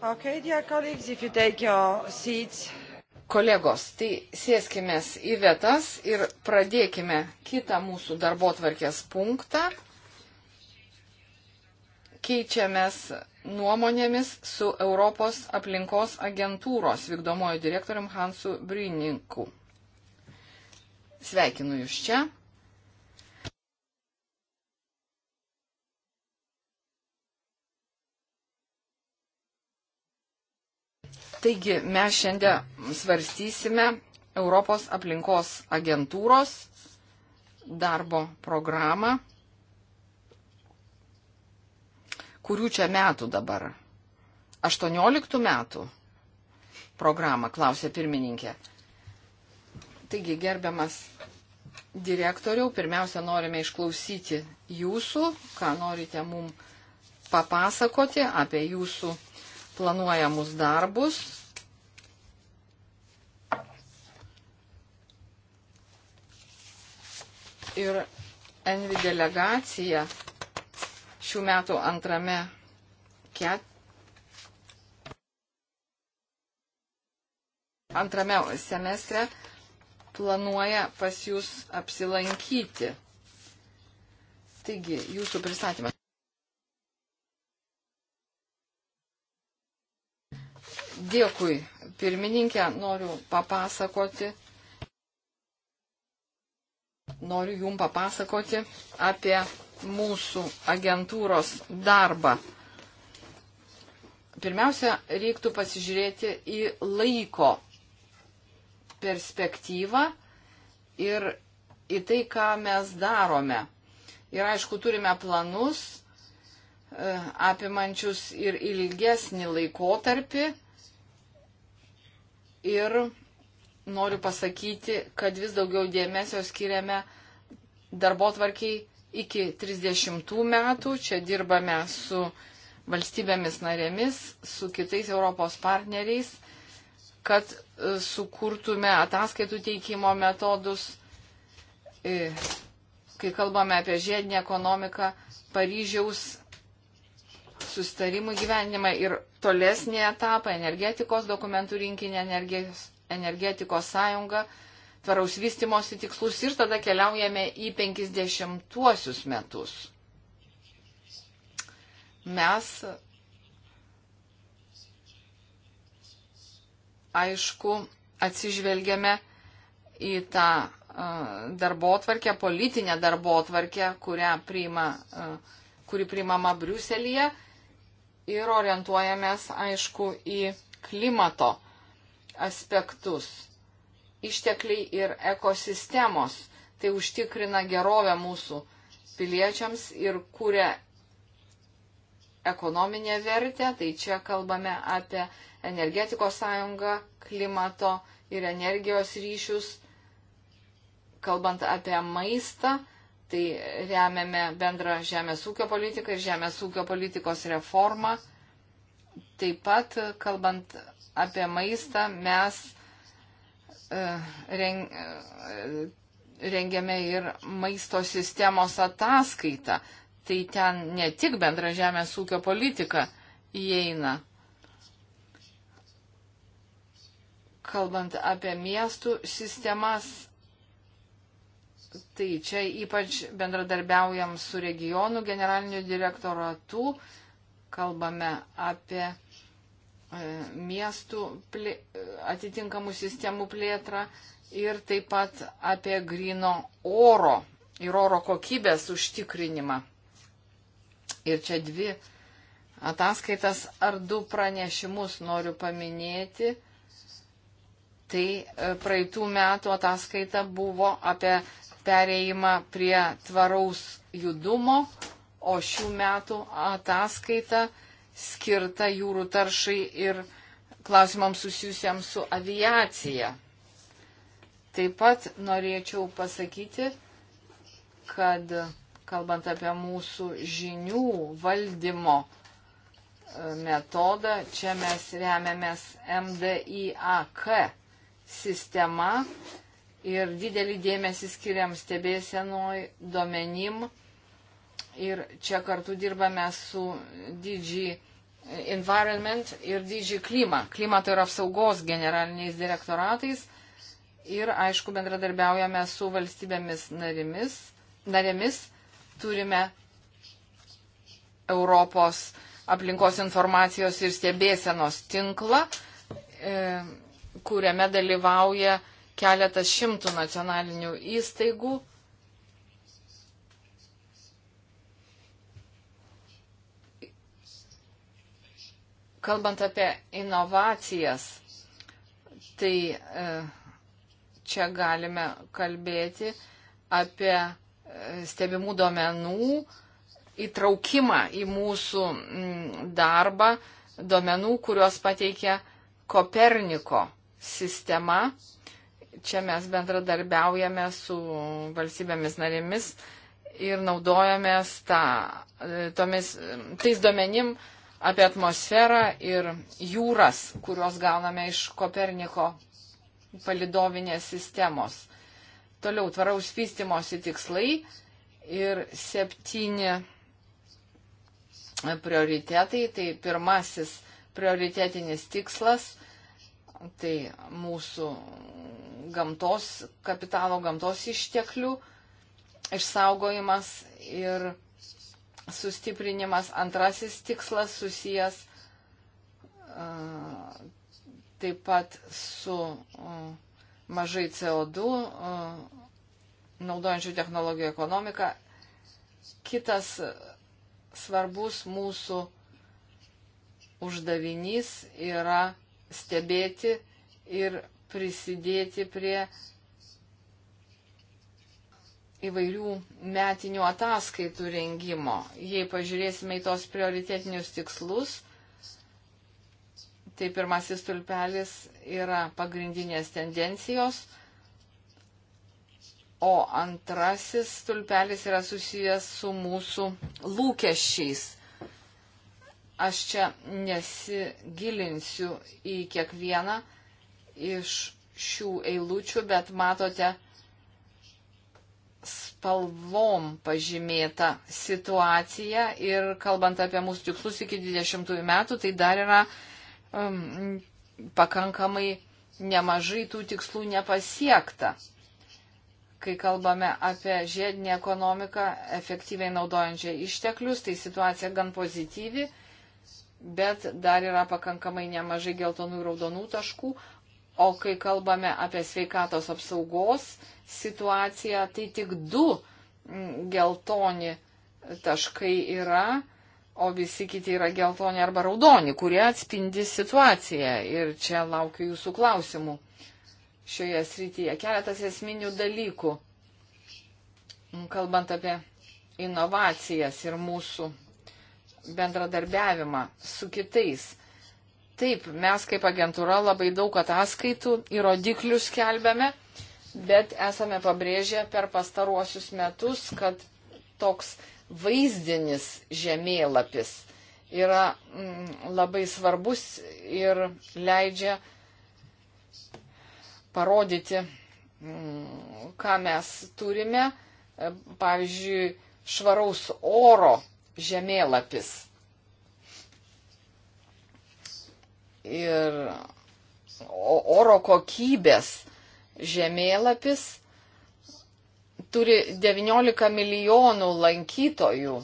Okay, Kolegos, tai sėskime į vietas ir pradėkime kitą mūsų darbo tvarkės punktą. Keičiamės nuomonėmis su Europos aplinkos agentūros vykdomojo direktorium Hansu Brynininku. Sveikinu Jūs čia. Taigi mes šiandien svarstysime Europos aplinkos agentūros darbo programą, kurių čia metų dabar. 18 metų programą, klausė pirmininkė. Taigi, gerbiamas direktoriau, pirmiausia, norime išklausyti jūsų, ką norite mums papasakoti apie jūsų planuojamus darbus. Ir Envi delegacija šių metų antrame ket... antrame semestre planuoja pas jūs apsilankyti. Taigi, jūsų pristatymas. Dėkui, pirmininkė, noriu papasakoti, noriu jum papasakoti apie mūsų agentūros darbą. Pirmiausia, reiktų pasižiūrėti į laiko perspektyvą ir į tai, ką mes darome. Ir aišku, turime planus e, apimančius ir ilgesnį laikotarpį ir noriu pasakyti, kad vis daugiau dėmesio skiriame darbo tvarkiai iki 30 metų. Čia dirbame su valstybėmis narėmis, su kitais Europos partneriais, kad e, sukurtume ataskaitų teikimo metodus. E, kai kalbame apie žiedinę ekonomiką, Paryžiaus sustarimų gyvenimą ir tolesnį etapą - energetikos dokumentų rinkinį, energetikos sąjungą, tvaraus vystimosi tikslus ir tada keliaujame į 50-uosius metus. Mes, aišku, atsižvelgiame į tą darbo tvarkę, politinę darbo tvarkę, kuri priimama Briuselėje ir orientuojamės, aišku, į klimato aspektus. Ištekliai ir ekosistemos. Tai užtikrina gerovę mūsų piliečiams ir kūrė ekonominę vertę. Tai čia kalbame apie energetikos sąjungą, klimato ir energijos ryšius. Kalbant apie maistą, Tai remiame bendrą žemės ūkio politiką ir žemės ūkio politikos reformą. Taip pat, kalbant apie maistą, mes e, e, rengiame ir maisto sistemos ataskaitą. Tai ten ne tik bendra žemės ūkio politika įeina. Kalbant apie miestų sistemas, Tai čia ypač bendradarbiaujam su regionų generaliniu direktoratu, kalbame apie e, miestų plė, atitinkamų sistemų plėtrą ir taip pat apie grino oro ir oro kokybės užtikrinimą. Ir čia dvi ataskaitas ar du pranešimus noriu paminėti. Tai e, praeitų metų ataskaita buvo apie pereimą prie tvaraus judumo, o šių metų ataskaita skirta jūrų taršai ir klausimams susijusiems su aviacija. Taip pat norėčiau pasakyti, kad kalbant apie mūsų žinių valdymo e, metodą, čia mes remiamės MDIAK sistema, ir didelį dėmesį skiriam stebėsenoj duomenim. Ir čia kartu dirbame su DG Environment ir DG Klima, klimato tai ir apsaugos generaliniais direktoratais. Ir aišku, bendradarbiaujame su valstybėmis narimis, narėmis. Turime Europos aplinkos informacijos ir stebėsenos tinklą, e, kuriame dalyvauja e, keletas šimtų nacionalinių įstaigų. Kalbant apie inovacijas, tai e, čia galime kalbėti apie e, stebimų duomenų įtraukimą į mūsų darbą, duomenų, kuriuos pateikia Koperniko sistema. Čia mes bendradarbiaujame su valstybėmis narėmis ir naudojamės tą, e, tomis, tais duomenim apie atmosferą ir jūras, kuriuos gauname iš Koperniko palidovinės sistemos. Toliau tvaraus vystimosi tikslai ir septyni prioritetai. Tai pirmasis prioritetinis tikslas Tai mūsų gamtos kapitalo, gamtos išteklių išsaugojimas ir sustiprinimas. Antrasis tikslas susijęs taip pat su mažai CO2 naudojančių technologijų ekonomika. Kitas svarbus mūsų uždavinys yra stebėti ir prisidėti prie įvairių metinių ataskaitų rengimo. Jei pažiūrėsime į tos prioritetinius tikslus, tai pirmasis tulpelis yra pagrindinės tendencijos, o antrasis tulpelis yra susijęs su mūsų lūkesčiais Aš čia nesigilinsiu į kiekvieną iš šių eilučių, bet matote spalvom pažymėta situacija ir kalbant apie mūsų tikslus iki 20 metų, tai dar yra um, pakankamai nemažai tų tikslų nepasiekta. Kai kalbame apie žiedinę ekonomiką, efektyviai naudojančią išteklius, tai situacija gan pozityvi bet dar yra pakankamai nemažai geltonų ir raudonų taškų. O kai kalbame apie sveikatos apsaugos situaciją, tai tik du mm, geltoni taškai yra, o visi kiti yra geltoni arba raudoni, kurie atspindi situaciją. Ir čia laukiu jūsų klausimų šioje srityje. Keletas esminių dalykų, mm, kalbant apie inovacijas ir mūsų bendradarbiavimą su kitais. Taip, mes kaip agentūra labai daug ataskaitų ir rodiklių skelbėme, bet esame pabrėžę per pastaruosius metus, kad toks vaizdinis žemėlapis yra mm, labai svarbus ir leidžia parodyti, mm, ką mes turime. Pavyzdžiui, švaraus oro žemėlapis. Ir oro kokybės žemėlapis turi 19 milijonų lankytojų.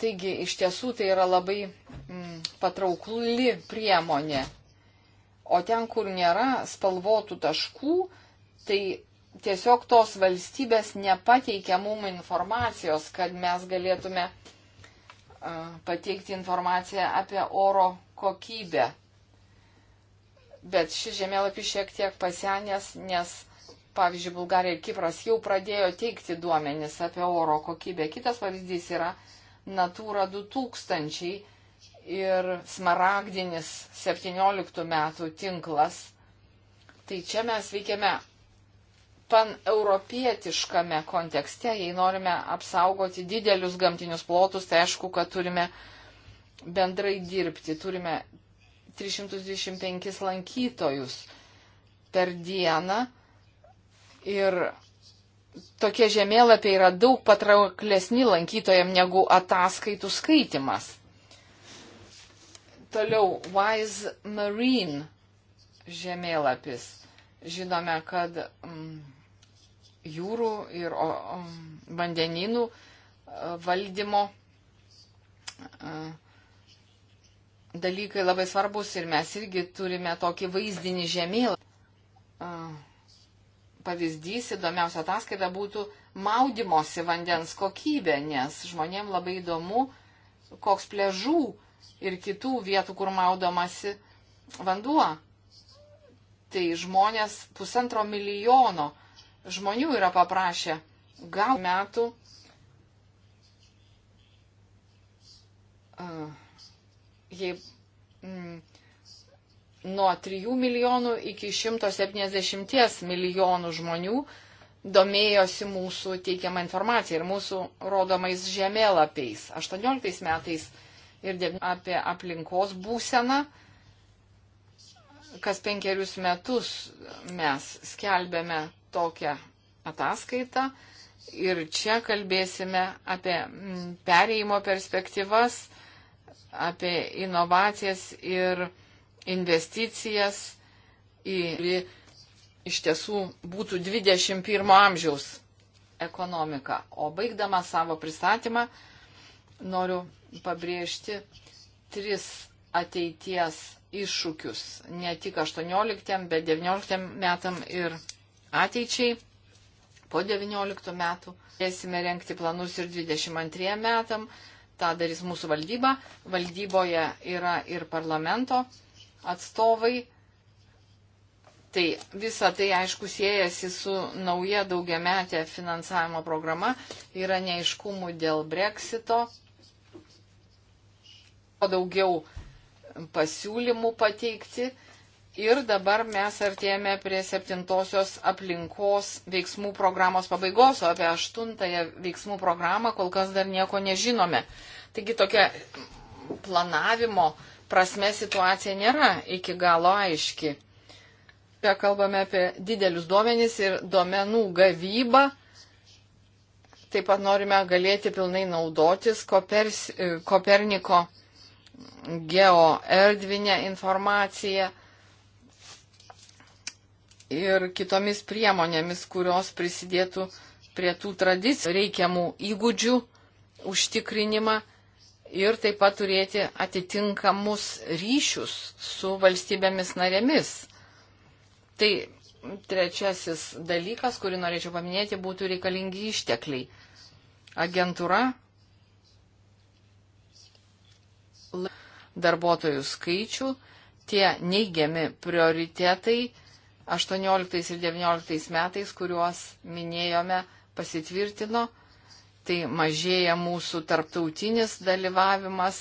Taigi iš tiesų tai yra labai mm, patraukli priemonė. O ten, kur nėra spalvotų taškų, tai tiesiog tos valstybės nepateikia mum informacijos, kad mes galėtume pateikti informaciją apie oro kokybę. Bet šis žemėlapis šiek tiek pasenęs, nes, pavyzdžiui, Bulgarija ir Kipras jau pradėjo teikti duomenis apie oro kokybę. Kitas pavyzdys yra Natura 2000 ir smaragdinis 17 metų tinklas. Tai čia mes veikiame paneuropietiškame kontekste, jei norime apsaugoti didelius gamtinius plotus, tai aišku, kad turime bendrai dirbti. Turime 325 lankytojus per dieną ir tokie žemėlapiai yra daug patrauklesni lankytojam negu ataskaitų skaitimas. Toliau Wise Marine žemėlapis. Žinome, kad mm, jūrų ir vandeninų e, valdymo e, dalykai labai svarbus ir mes irgi turime tokį vaizdinį žemėlapį. E, pavyzdys įdomiausia ataskaita būtų maudimosi vandens kokybė, nes žmonėm labai įdomu, koks pležų ir kitų vietų, kur maudomasi vanduo. Tai žmonės pusantro milijono žmonių yra paprašę gal metų jei m, mm, nuo 3 milijonų iki 170 milijonų žmonių domėjosi mūsų teikiamą informaciją ir mūsų rodomais žemėlapiais. 18 metais ir apie aplinkos būseną. Kas penkerius metus mes skelbėme tokią ataskaitą ir čia kalbėsime apie mm, pereimo perspektyvas, apie inovacijas ir investicijas į iš tiesų būtų 21 amžiaus ekonomika. O baigdama savo pristatymą noriu pabrėžti tris ateities iššūkius, ne tik 18, bet 19 metam ir ateičiai po 19 metų. Esime renkti planus ir 22 metam. Ta darys mūsų valdyba. Valdyboje yra ir parlamento atstovai. Tai visa tai, aišku, siejasi su nauja daugiametė finansavimo programa. Yra neiškumų dėl breksito. O daugiau pasiūlymų pateikti Ir dabar mes artėjame prie septintosios aplinkos veiksmų programos pabaigos, o apie aštuntąją veiksmų programą kol kas dar nieko nežinome. Taigi tokia planavimo prasme situacija nėra iki galo aiški. Čia kalbame apie didelius duomenys ir duomenų gavybą. Taip pat norime galėti pilnai naudotis Kopers, Koperniko geoerdvinę informaciją ir kitomis priemonėmis, kurios prisidėtų prie tų tradicijų reikiamų įgūdžių užtikrinimą ir taip pat turėti atitinkamus ryšius su valstybėmis narėmis. Tai trečiasis dalykas, kurį norėčiau paminėti, būtų reikalingi ištekliai. Agentūra, darbuotojų skaičių, tie neigiami prioritetai, 18 ir 19 metais, kuriuos minėjome, pasitvirtino. Tai mažėja mūsų tarptautinis dalyvavimas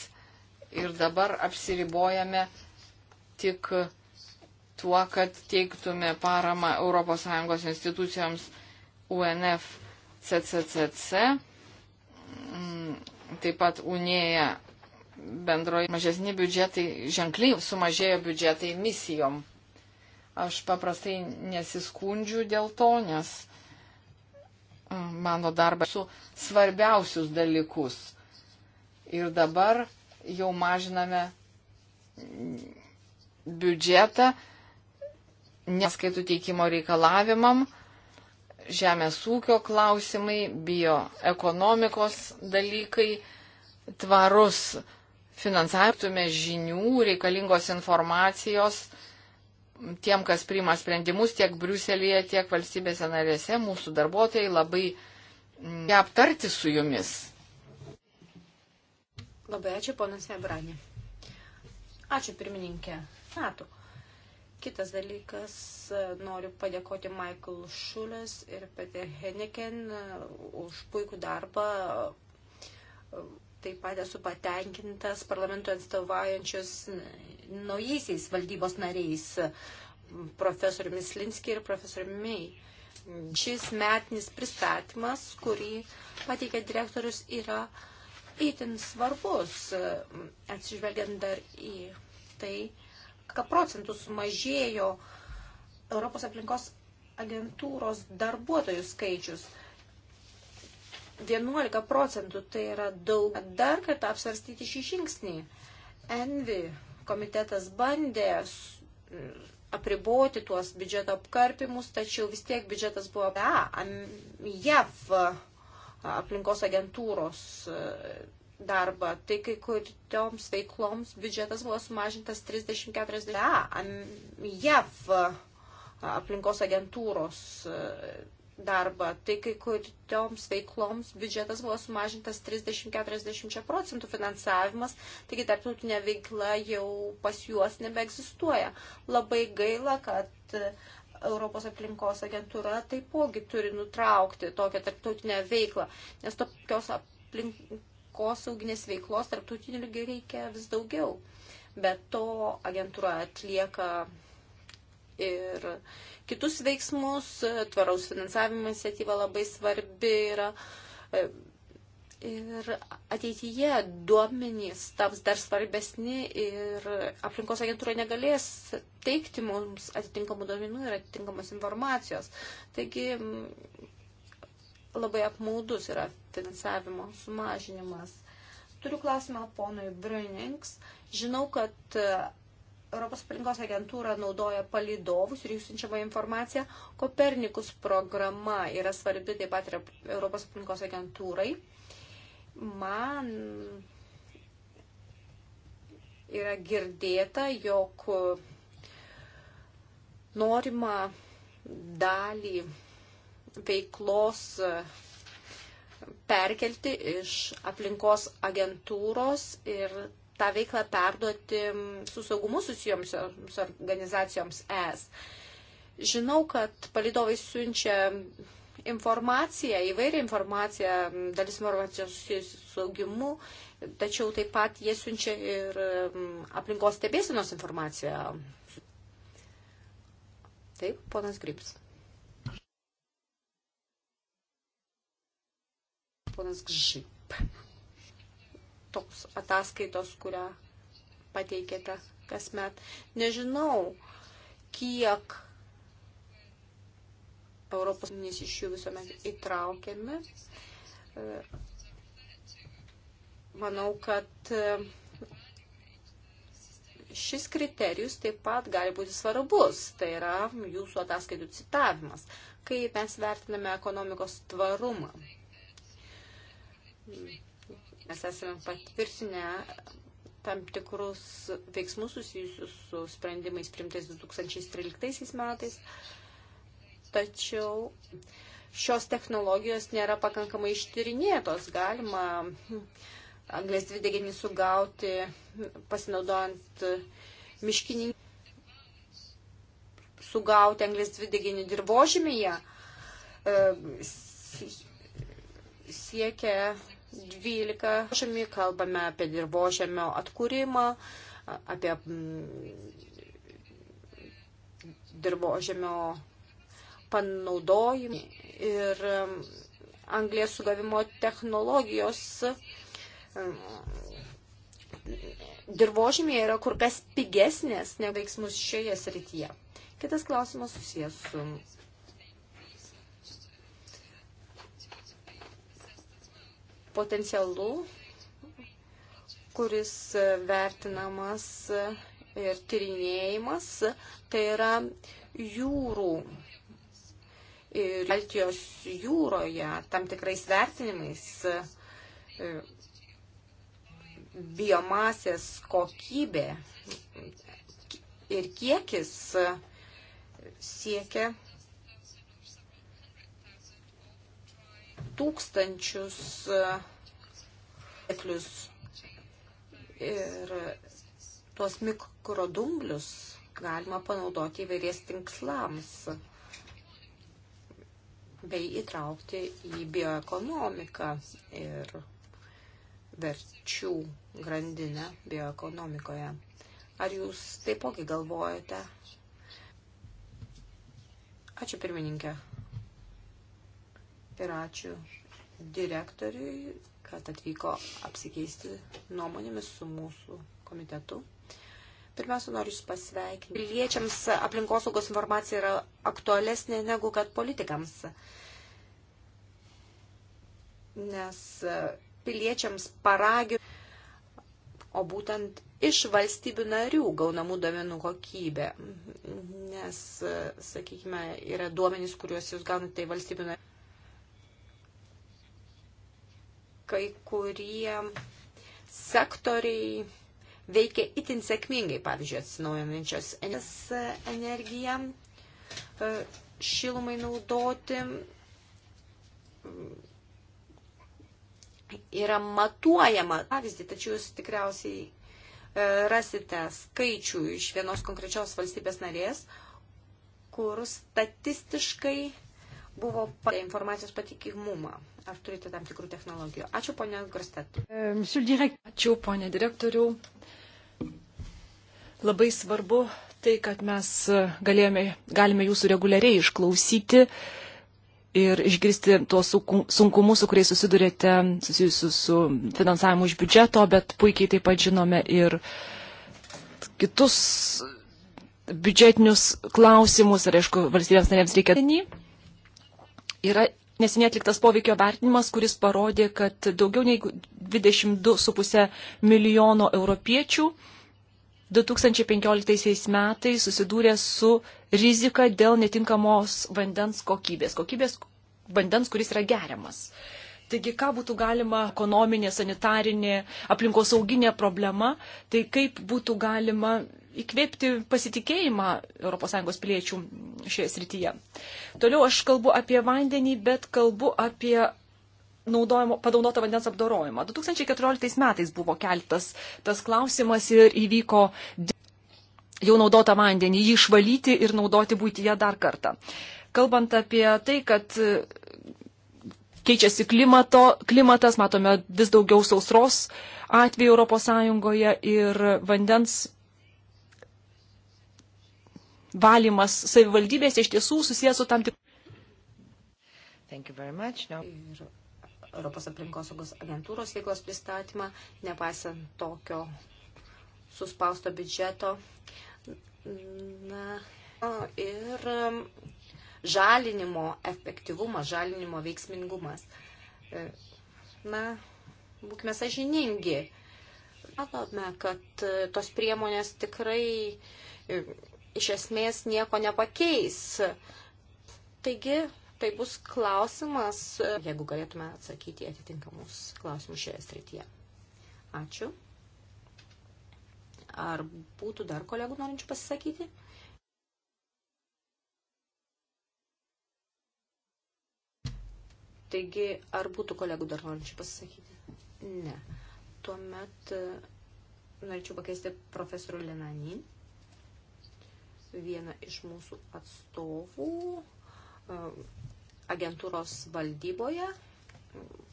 ir dabar apsiribojame tik tuo, kad teiktume paramą ES institucijoms UNFCCC, taip pat UNEA bendroje mažesni biudžetai, ženkliai sumažėjo biudžetai misijom. Aš paprastai nesiskundžiu dėl to, nes mano darbas su svarbiausius dalykus. Ir dabar jau mažiname biudžetą neskaitų teikimo reikalavimam, žemės ūkio klausimai, bioekonomikos dalykai, tvarus finansavimas, žinių, reikalingos informacijos tiem, kas priima sprendimus tiek Briuselėje, tiek valstybėse narėse, mūsų darbuotojai labai ją aptarti su jumis. Labai ačiū, ponas Hebranė. Ačiū, pirmininkė. Metų. Kitas dalykas, noriu padėkoti Michael Šulis ir Peter Heneken uh, už puikų darbą uh, Taip pat esu patenkintas parlamento atstovaujančios naujaisiais valdybos nariais profesoriumi Slinski ir profesoriumi Mei. Šis metinis pristatymas, kurį pateikė direktorius, yra itin svarbus, atsižvelgiant dar į tai, ką procentų sumažėjo Europos aplinkos agentūros darbuotojų skaičius. 11 procentų, tai yra daug. Dar kartą apsvarstyti šį žingsnį. Envi komitetas bandė mm, apriboti tuos biudžeto apkarpimus, tačiau vis tiek biudžetas buvo be JAV aplinkos agentūros darbą. Tai kai kurioms veikloms biudžetas buvo sumažintas 30-40 JAV aplinkos agentūros darbą darbą. Tai kai kurioms veikloms biudžetas buvo sumažintas 30-40 procentų finansavimas, taigi tarptautinė veikla jau pas juos nebeegzistuoja. Labai gaila, kad Europos aplinkos agentūra taipogi turi nutraukti tokią tarptautinę veiklą, nes tokios aplinkos sauginės veiklos tarptautinių lygių reikia vis daugiau. Be to agentūra atlieka ir kitus veiksmus. Tvaraus finansavimo iniciatyva labai svarbi yra. Ir ateityje duomenys taps dar svarbesni ir aplinkos agentūra negalės teikti mums atitinkamų duomenų ir atitinkamos informacijos. Taigi labai apmaudus yra finansavimo sumažinimas. Turiu klausimą ponui Brunings. Žinau, kad Europos aplinkos agentūra naudoja palidovus ir jų siunčiamą informaciją. Kopernikus programa yra svarbi taip pat ir Europos aplinkos agentūrai. Man yra girdėta, jog norima dalį veiklos perkelti iš aplinkos agentūros ir tą veiklą perduoti su saugumu susijoms organizacijoms ES. Žinau, kad palidovai siunčia informaciją, įvairią informaciją, dalis informacijos susijusi su saugimu, tačiau taip pat jie siunčia ir aplinkos stebėsinos informaciją. Taip, ponas Grips. Ponas Gžip tos ataskaitos, kurią pateikėte kasmet. Nežinau, kiek Europos unijos iš jų visuomet įtraukiami. E, manau, kad e, šis kriterijus taip pat gali būti svarbus, tai yra jūsų ataskaitų citavimas, kai mes vertiname ekonomikos tvarumą. Mes esame patvirtinę tam tikrus veiksmus susijusius su sprendimais primtais 2013 metais, tačiau šios technologijos nėra pakankamai ištyrinėtos. Galima anglės dvideginį sugauti pasinaudojant miškinį, sugauti anglės dvideginį dirbožymėje ehm, siekia 12. Kalbame apie dirbožėmio atkūrimą, apie mm, dirbožėmio panaudojimą ir mm, anglės sugavimo technologijos mm, dirbožymėje yra kur kas pigesnės neveiksmus šioje srityje. Kitas klausimas susijęs su potencialu, kuris vertinamas ir tyrinėjimas, tai yra jūrų ir Baltijos jūroje tam tikrais vertinimais biomasės kokybė ir kiekis siekia tūkstančius e, eklius ir tuos mikrodumblius galima panaudoti įvairiais tinklams bei įtraukti į bioekonomiką ir verčių grandinę bioekonomikoje. Ar jūs taipogi galvojate? Ačiū pirmininkė. Ir ačiū direktoriui, kad atvyko apsikeisti nuomonėmis su mūsų komitetu. Pirmiausia, noriu Jūs pasveikinti. Piliečiams aplinkosaugos informacija yra aktualesnė negu kad politikams. Nes piliečiams paragiu, o būtent iš valstybių narių gaunamų duomenų kokybė. Nes, sakykime, yra duomenys, kuriuos Jūs gaunate į valstybių narių kai kurie sektoriai veikia itin sėkmingai, pavyzdžiui, atsinaujinančios energiją e, šilumai naudoti. Yra matuojama pavyzdį, tačiau jūs tikriausiai e, rasite skaičių iš vienos konkrečios valstybės narės, kur statistiškai buvo informacijos patikimumą ar turite tam tikrų technologijų. Ačiū, ponė Grostet. E, Ačiū, ponė direktoriau. Labai svarbu tai, kad mes e, galėjome, galime jūsų reguliariai išklausyti ir išgirsti tuos sunkumus, su kuriais susidurėte susijusius su finansavimu iš biudžeto, bet puikiai taip pat žinome ir kitus biudžetinius klausimus ir, aišku, valstybėms narėms reikia. Yra neseniai atliktas poveikio vertinimas, kuris parodė, kad daugiau nei 22,5 milijono europiečių 2015 metais susidūrė su rizika dėl netinkamos vandens kokybės, kokybės vandens, kuris yra geriamas. Taigi, ką būtų galima ekonominė, sanitarinė, aplinkosauginė problema, tai kaip būtų galima įkvėpti pasitikėjimą ES piliečių šioje srityje. Toliau aš kalbu apie vandenį, bet kalbu apie padaunoto vandens apdorojimą. 2014 metais buvo keltas tas klausimas ir įvyko jau naudotą vandenį, jį išvalyti ir naudoti būtyje dar kartą. Kalbant apie tai, kad keičiasi klimato, klimatas, matome vis daugiau sausros atvejų ES ir vandens valymas savivaldybės iš tiesų susijęs su tam tikru. Now... Ir Europos aplinkosaugos agentūros veiklos pristatymą, nepaisant tokio suspausto biudžeto. Na, ir um, žalinimo efektyvumas, žalinimo veiksmingumas. E, na, būkime sažiningi. Matome, kad e, tos priemonės tikrai e, iš esmės nieko nepakeis. Taigi, tai bus klausimas, jeigu galėtume atsakyti atitinkamus klausimus šioje srityje. Ačiū. Ar būtų dar kolegų norinčių pasisakyti? Taigi, ar būtų kolegų dar norinčių pasisakyti? Ne. Tuomet e, norėčiau pakeisti profesorių Lenanin vieną iš mūsų atstovų e, agentūros valdyboje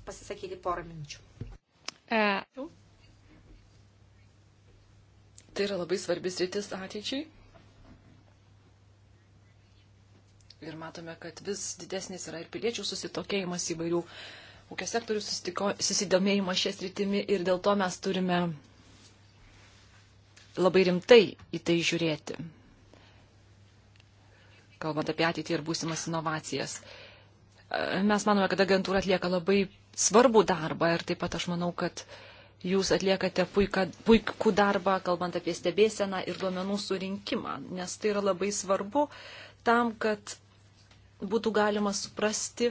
pasisakyti porą minčių. E. Tai yra labai svarbis rytis ateičiai. Ir matome, kad vis didesnis yra ir piliečių susitokėjimas įvairių ūkio sektorių susidomėjimas šias rytimi ir dėl to mes turime labai rimtai į tai žiūrėti kalbant apie ateitį ir būsimas inovacijas. Mes manome, kad agentūra atlieka labai svarbų darbą ir taip pat aš manau, kad jūs atliekate puika, puikų darbą, kalbant apie stebėseną ir duomenų surinkimą, nes tai yra labai svarbu tam, kad būtų galima suprasti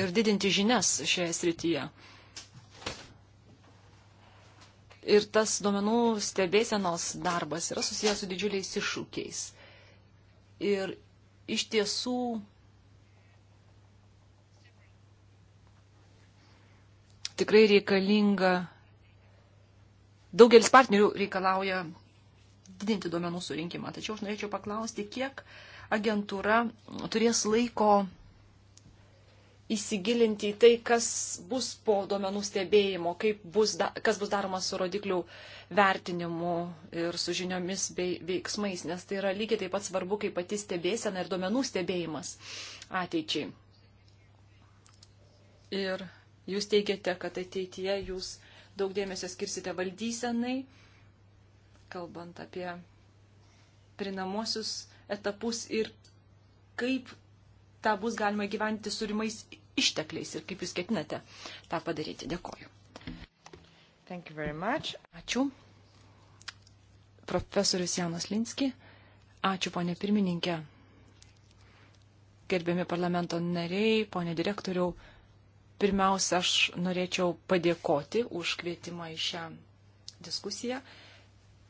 ir didinti žinias šioje srityje. Ir tas duomenų stebėsenos darbas yra susijęs su didžiuliais iššūkiais. Ir iš tiesų tikrai reikalinga, daugelis partnerių reikalauja didinti duomenų surinkimą. Tačiau aš norėčiau paklausti, kiek agentūra turės laiko įsigilinti į tai, kas bus po duomenų stebėjimo, bus da, kas bus daroma su rodiklių vertinimu ir su žiniomis bei veiksmais, nes tai yra lygiai taip pat svarbu, kaip pati stebėsena ir duomenų stebėjimas ateičiai. Ir jūs teigiate, kad ateityje jūs daug dėmesio skirsite valdysenai, kalbant apie prinamosius etapus ir kaip tą bus galima gyventi surimais ištekliais ir kaip jūs ketinate tą padaryti. Dėkoju. Ačiū. Profesorius Janas Linski. Ačiū, ponė pirmininkė. Gerbiami parlamento nariai, ponė direktoriau, pirmiausia, aš norėčiau padėkoti už kvietimą į šią diskusiją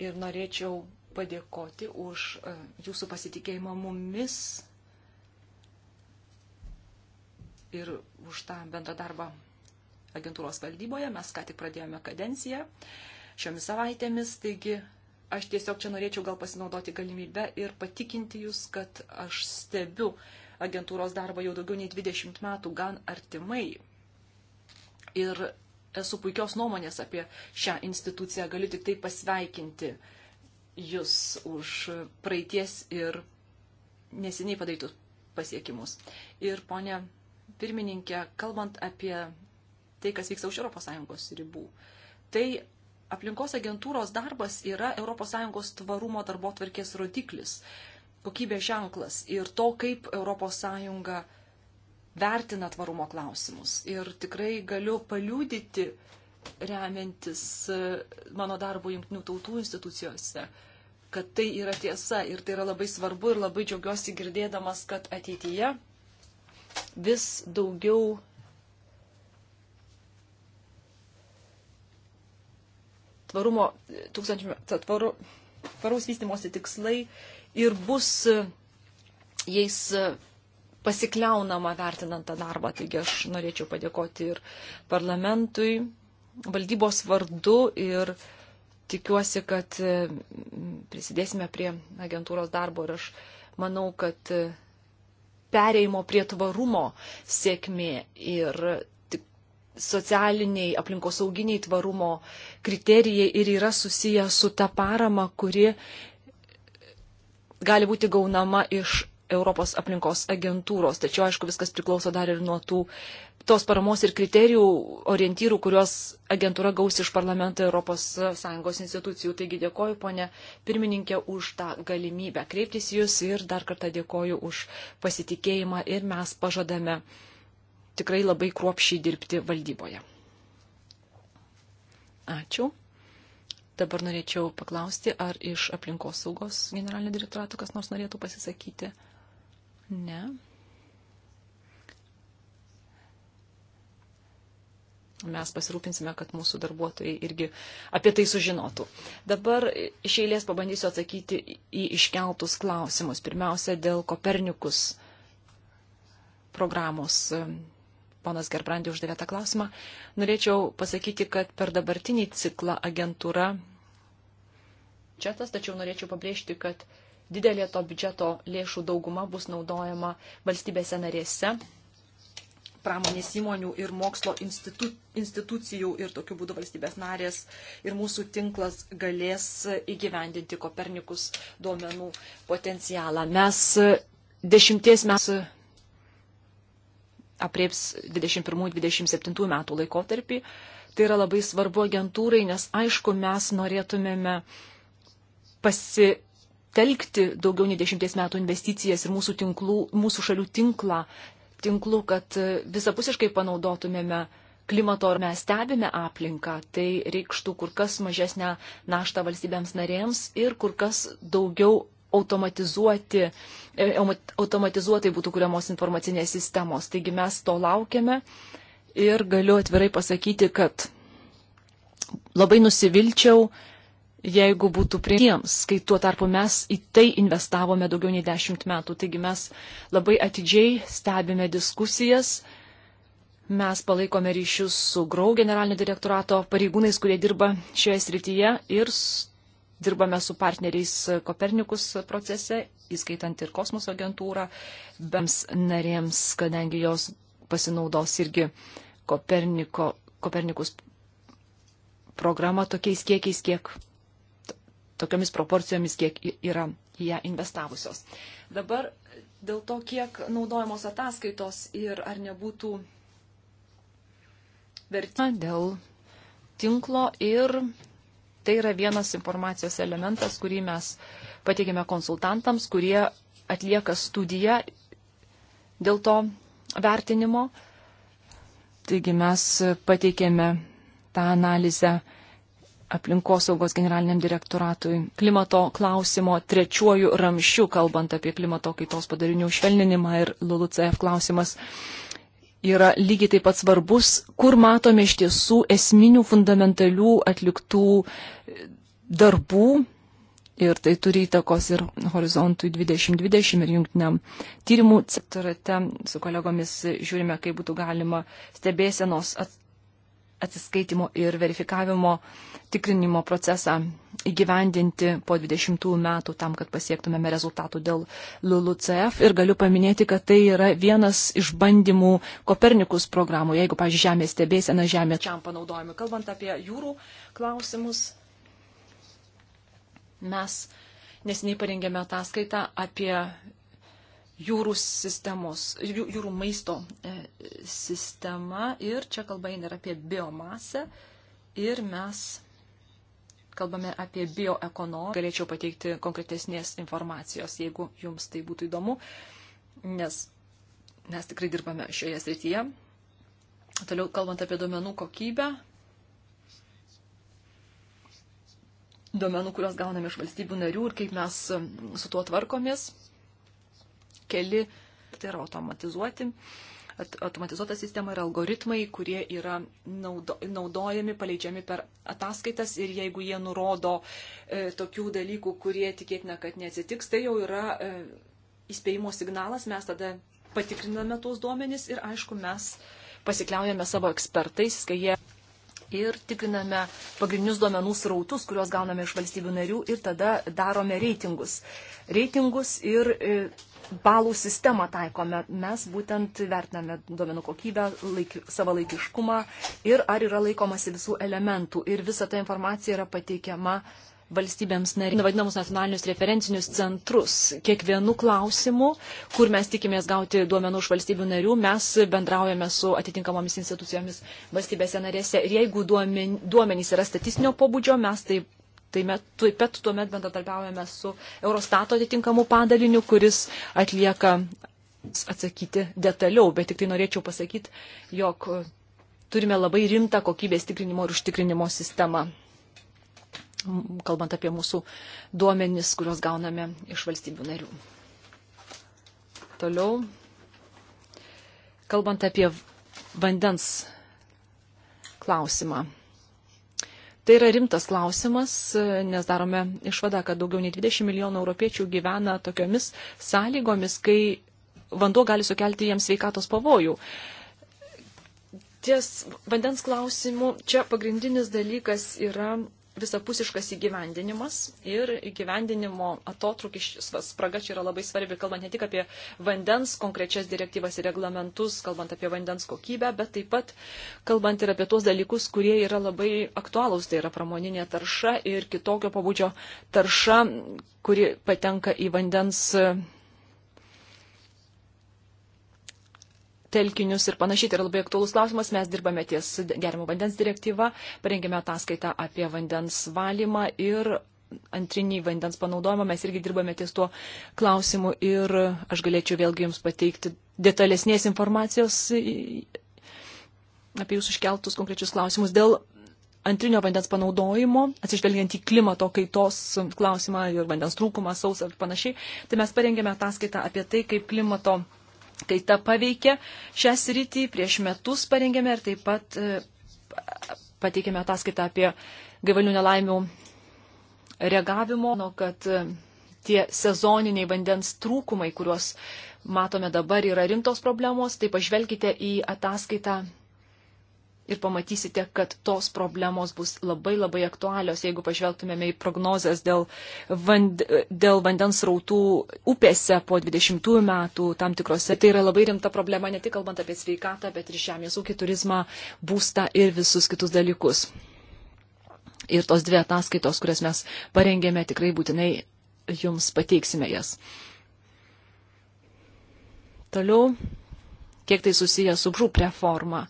ir norėčiau padėkoti už e, jūsų pasitikėjimą mumis ir už tą bendrą darbą agentūros valdyboje. Mes ką tik pradėjome kadenciją šiomis savaitėmis, taigi aš tiesiog čia norėčiau gal pasinaudoti galimybę ir patikinti Jūs, kad aš stebiu agentūros darbą jau daugiau nei 20 metų gan artimai. Ir esu puikios nuomonės apie šią instituciją, galiu tik tai pasveikinti Jūs už praeities ir neseniai padarytus pasiekimus. Ir ponė pirmininkė, kalbant apie tai, kas vyksta už ES ribų, tai aplinkos agentūros darbas yra ES tvarumo darbo tvarkės rodiklis, kokybės ženklas ir to, kaip ES vertina tvarumo klausimus. Ir tikrai galiu paliūdyti, remiantis e, mano darbo jungtinių tautų institucijose, kad tai yra tiesa ir tai yra labai svarbu ir labai džiaugiuosi girdėdamas, kad ateityje vis daugiau tvarumo, tūkstančio tvaru, tvaraus vystimosi tikslai ir bus jais pasikliaunama vertinant tą darbą. Taigi aš norėčiau padėkoti ir parlamentui, valdybos vardu ir tikiuosi, kad prisidėsime prie agentūros darbo ir aš manau, kad pereimo prie tvarumo sėkmė ir socialiniai, aplinkosauginiai tvarumo kriterijai ir yra susiję su ta parama, kuri gali būti gaunama iš Europos aplinkos agentūros. Tačiau, aišku, viskas priklauso dar ir nuo tų tos paramos ir kriterijų orientyrų, kuriuos agentūra gaus iš parlamento ES institucijų. Taigi dėkoju, ponė pirmininkė, už tą galimybę kreiptis jūs ir dar kartą dėkoju už pasitikėjimą ir mes pažadame tikrai labai kruopšiai dirbti valdyboje. Ačiū. Dabar norėčiau paklausti, ar iš aplinkos saugos generalinio direktorato kas nors norėtų pasisakyti. Ne. mes pasirūpinsime, kad mūsų darbuotojai irgi apie tai sužinotų. Dabar iš eilės pabandysiu atsakyti į iškeltus klausimus. Pirmiausia, dėl Kopernikus programos. Ponas Gerbrandi uždavė tą klausimą. Norėčiau pasakyti, kad per dabartinį ciklą agentūra čia tas, tačiau norėčiau pabrėžti, kad didelė to biudžeto lėšų dauguma bus naudojama valstybėse narėse pramonės įmonių ir mokslo institu, institucijų ir tokiu būdu valstybės narės ir mūsų tinklas galės įgyvendinti Kopernikus duomenų potencialą. Mes dešimties metų aprieps 21-27 metų laikotarpį. Tai yra labai svarbu agentūrai, nes aišku, mes norėtumėme pasi telkti daugiau nei dešimties metų investicijas ir mūsų, tinklų, mūsų šalių tinklą tinklų, kad visapusiškai panaudotumėme klimato ir mes stebime aplinką, tai reikštų kur kas mažesnę naštą valstybėms narėms ir kur kas daugiau automatizuoti, e, automatizuotai būtų kuriamos informacinės sistemos. Taigi mes to laukiame ir galiu atvirai pasakyti, kad labai nusivilčiau, jeigu būtų priems, kai tuo tarpu mes į tai investavome daugiau nei dešimt metų. Taigi mes labai atidžiai stebime diskusijas, mes palaikome ryšius su Grau generalinio direktorato pareigūnais, kurie dirba šioje srityje ir dirbame su partneriais Kopernikus procese, įskaitant ir kosmoso agentūrą, bems narėms, kadangi jos pasinaudos irgi Koperniko, Kopernikus programą tokiais kiekiais, kiek tokiamis proporcijomis, kiek yra į ją investavusios. Dabar dėl to, kiek naudojamos ataskaitos ir ar nebūtų vertima dėl tinklo ir tai yra vienas informacijos elementas, kurį mes pateikėme konsultantams, kurie atlieka studiją dėl to vertinimo. Taigi mes pateikėme tą analizę aplinkosaugos generaliniam direktoratui klimato klausimo trečiuoju ramščiu, kalbant apie klimato kaitos padarinių švelninimą ir LULUCF klausimas yra lygiai taip pat svarbus, kur matome iš tiesų esminių fundamentalių atliktų darbų ir tai turi įtakos ir horizontui 2020 ir jungtiniam tyrimų sektorate. Su kolegomis žiūrime, kaip būtų galima stebėsenos at atsiskaitimo ir verifikavimo tikrinimo procesą įgyvendinti po 20 metų tam, kad pasiektumėme rezultatų dėl LULUCF. Ir galiu paminėti, kad tai yra vienas iš bandymų Kopernikus programų, jeigu, pažiūrėjau, žemė stebėsena, žemė čia panaudojami. Kalbant apie jūrų klausimus, mes nesiniai parengėme ataskaitą apie jūrų sistemos, jūrų maisto e, sistema ir čia kalba eina apie biomasę ir mes kalbame apie bioekonomiką. Galėčiau pateikti konkretesnės informacijos, jeigu jums tai būtų įdomu, nes mes tikrai dirbame šioje srityje. Toliau kalbant apie duomenų kokybę, duomenų, kuriuos gauname iš valstybių narių ir kaip mes su tuo tvarkomės keli, tai yra automatizuoti. Automatizuota sistema yra algoritmai, kurie yra naudo, naudojami, paleidžiami per ataskaitas ir jeigu jie nurodo e, tokių dalykų, kurie tikėtina, kad neatsitiks, tai jau yra e, įspėjimo signalas, mes tada patikriname tuos duomenys ir aišku, mes pasikliaujame savo ekspertais, kai jie ir tikriname pagrindinius duomenų srautus, kuriuos gauname iš valstybių narių ir tada darome reitingus. Reitingus ir e, balų sistemą taikome. Mes būtent vertiname duomenų kokybę, laik, savalaikiškumą ir ar yra laikomasi visų elementų. Ir visa ta informacija yra pateikiama uh, valstybėms narėms, vadinamus nacionalinius referencinius centrus. Kiekvienu klausimu, kur mes tikimės gauti duomenų iš valstybių narių, mes bendraujame su atitinkamomis institucijomis valstybėse narėse. Ir jeigu duomenys yra statistinio pobūdžio, mes tai Taip met, taip pat tuomet bendradarbiaujame su Eurostato atitinkamu padaliniu, kuris atlieka atsakyti detaliau, bet tik tai norėčiau pasakyti, jog turime labai rimtą kokybės tikrinimo ir užtikrinimo sistemą kalbant apie mūsų duomenis, kuriuos gauname iš valstybių narių. Toliau, kalbant apie vandens klausimą. Tai yra rimtas klausimas, nes darome išvadą, kad daugiau nei 20 milijonų europiečių gyvena tokiomis sąlygomis, kai vanduo gali sukelti jiems sveikatos pavojų. Ties vandens klausimu čia pagrindinis dalykas yra visapusiškas įgyvendinimas ir įgyvendinimo atotrukis spraga čia yra labai svarbi, kalbant ne tik apie vandens konkrečias direktyvas ir reglamentus, kalbant apie vandens kokybę, bet taip pat kalbant ir apie tuos dalykus, kurie yra labai aktualūs, tai yra pramoninė tarša ir kitokio pabudžio tarša, kuri patenka į vandens telkinius ir panašiai. Tai yra labai aktuolus klausimas. Mes dirbame ties gerimo vandens direktyva, parengėme ataskaitą apie vandens valymą ir antrinį vandens panaudojimą. Mes irgi dirbame ties tuo klausimu ir aš galėčiau vėlgi Jums pateikti detalesnės informacijos apie Jūsų iškeltus konkrečius klausimus dėl antrinio vandens panaudojimo, atsižvelgiant į klimato kaitos klausimą ir vandens trūkumą, sausą ir panašiai. Tai mes parengėme ataskaitą apie tai, kaip klimato kaita paveikia šią sritį. Prieš metus parengėme ir taip pat e, pateikėme ataskaitą apie gaivalių nelaimių reagavimo, nu, kad e, tie sezoniniai vandens trūkumai, kuriuos matome dabar, yra rimtos problemos. Tai pažvelkite į ataskaitą ir pamatysite, kad tos problemos bus labai labai aktualios, jeigu pažvelgtumėme į prognozes dėl, vand, dėl vandens rautų upėse po 20 metų tam tikrose. Tai yra labai rimta problema, ne tik kalbant apie sveikatą, bet ir žemės ūkį, turizmą, būstą ir visus kitus dalykus. Ir tos dvi ataskaitos, kurias mes parengėme, tikrai būtinai jums pateiksime jas. Toliau, kiek tai susijęs su žūp reforma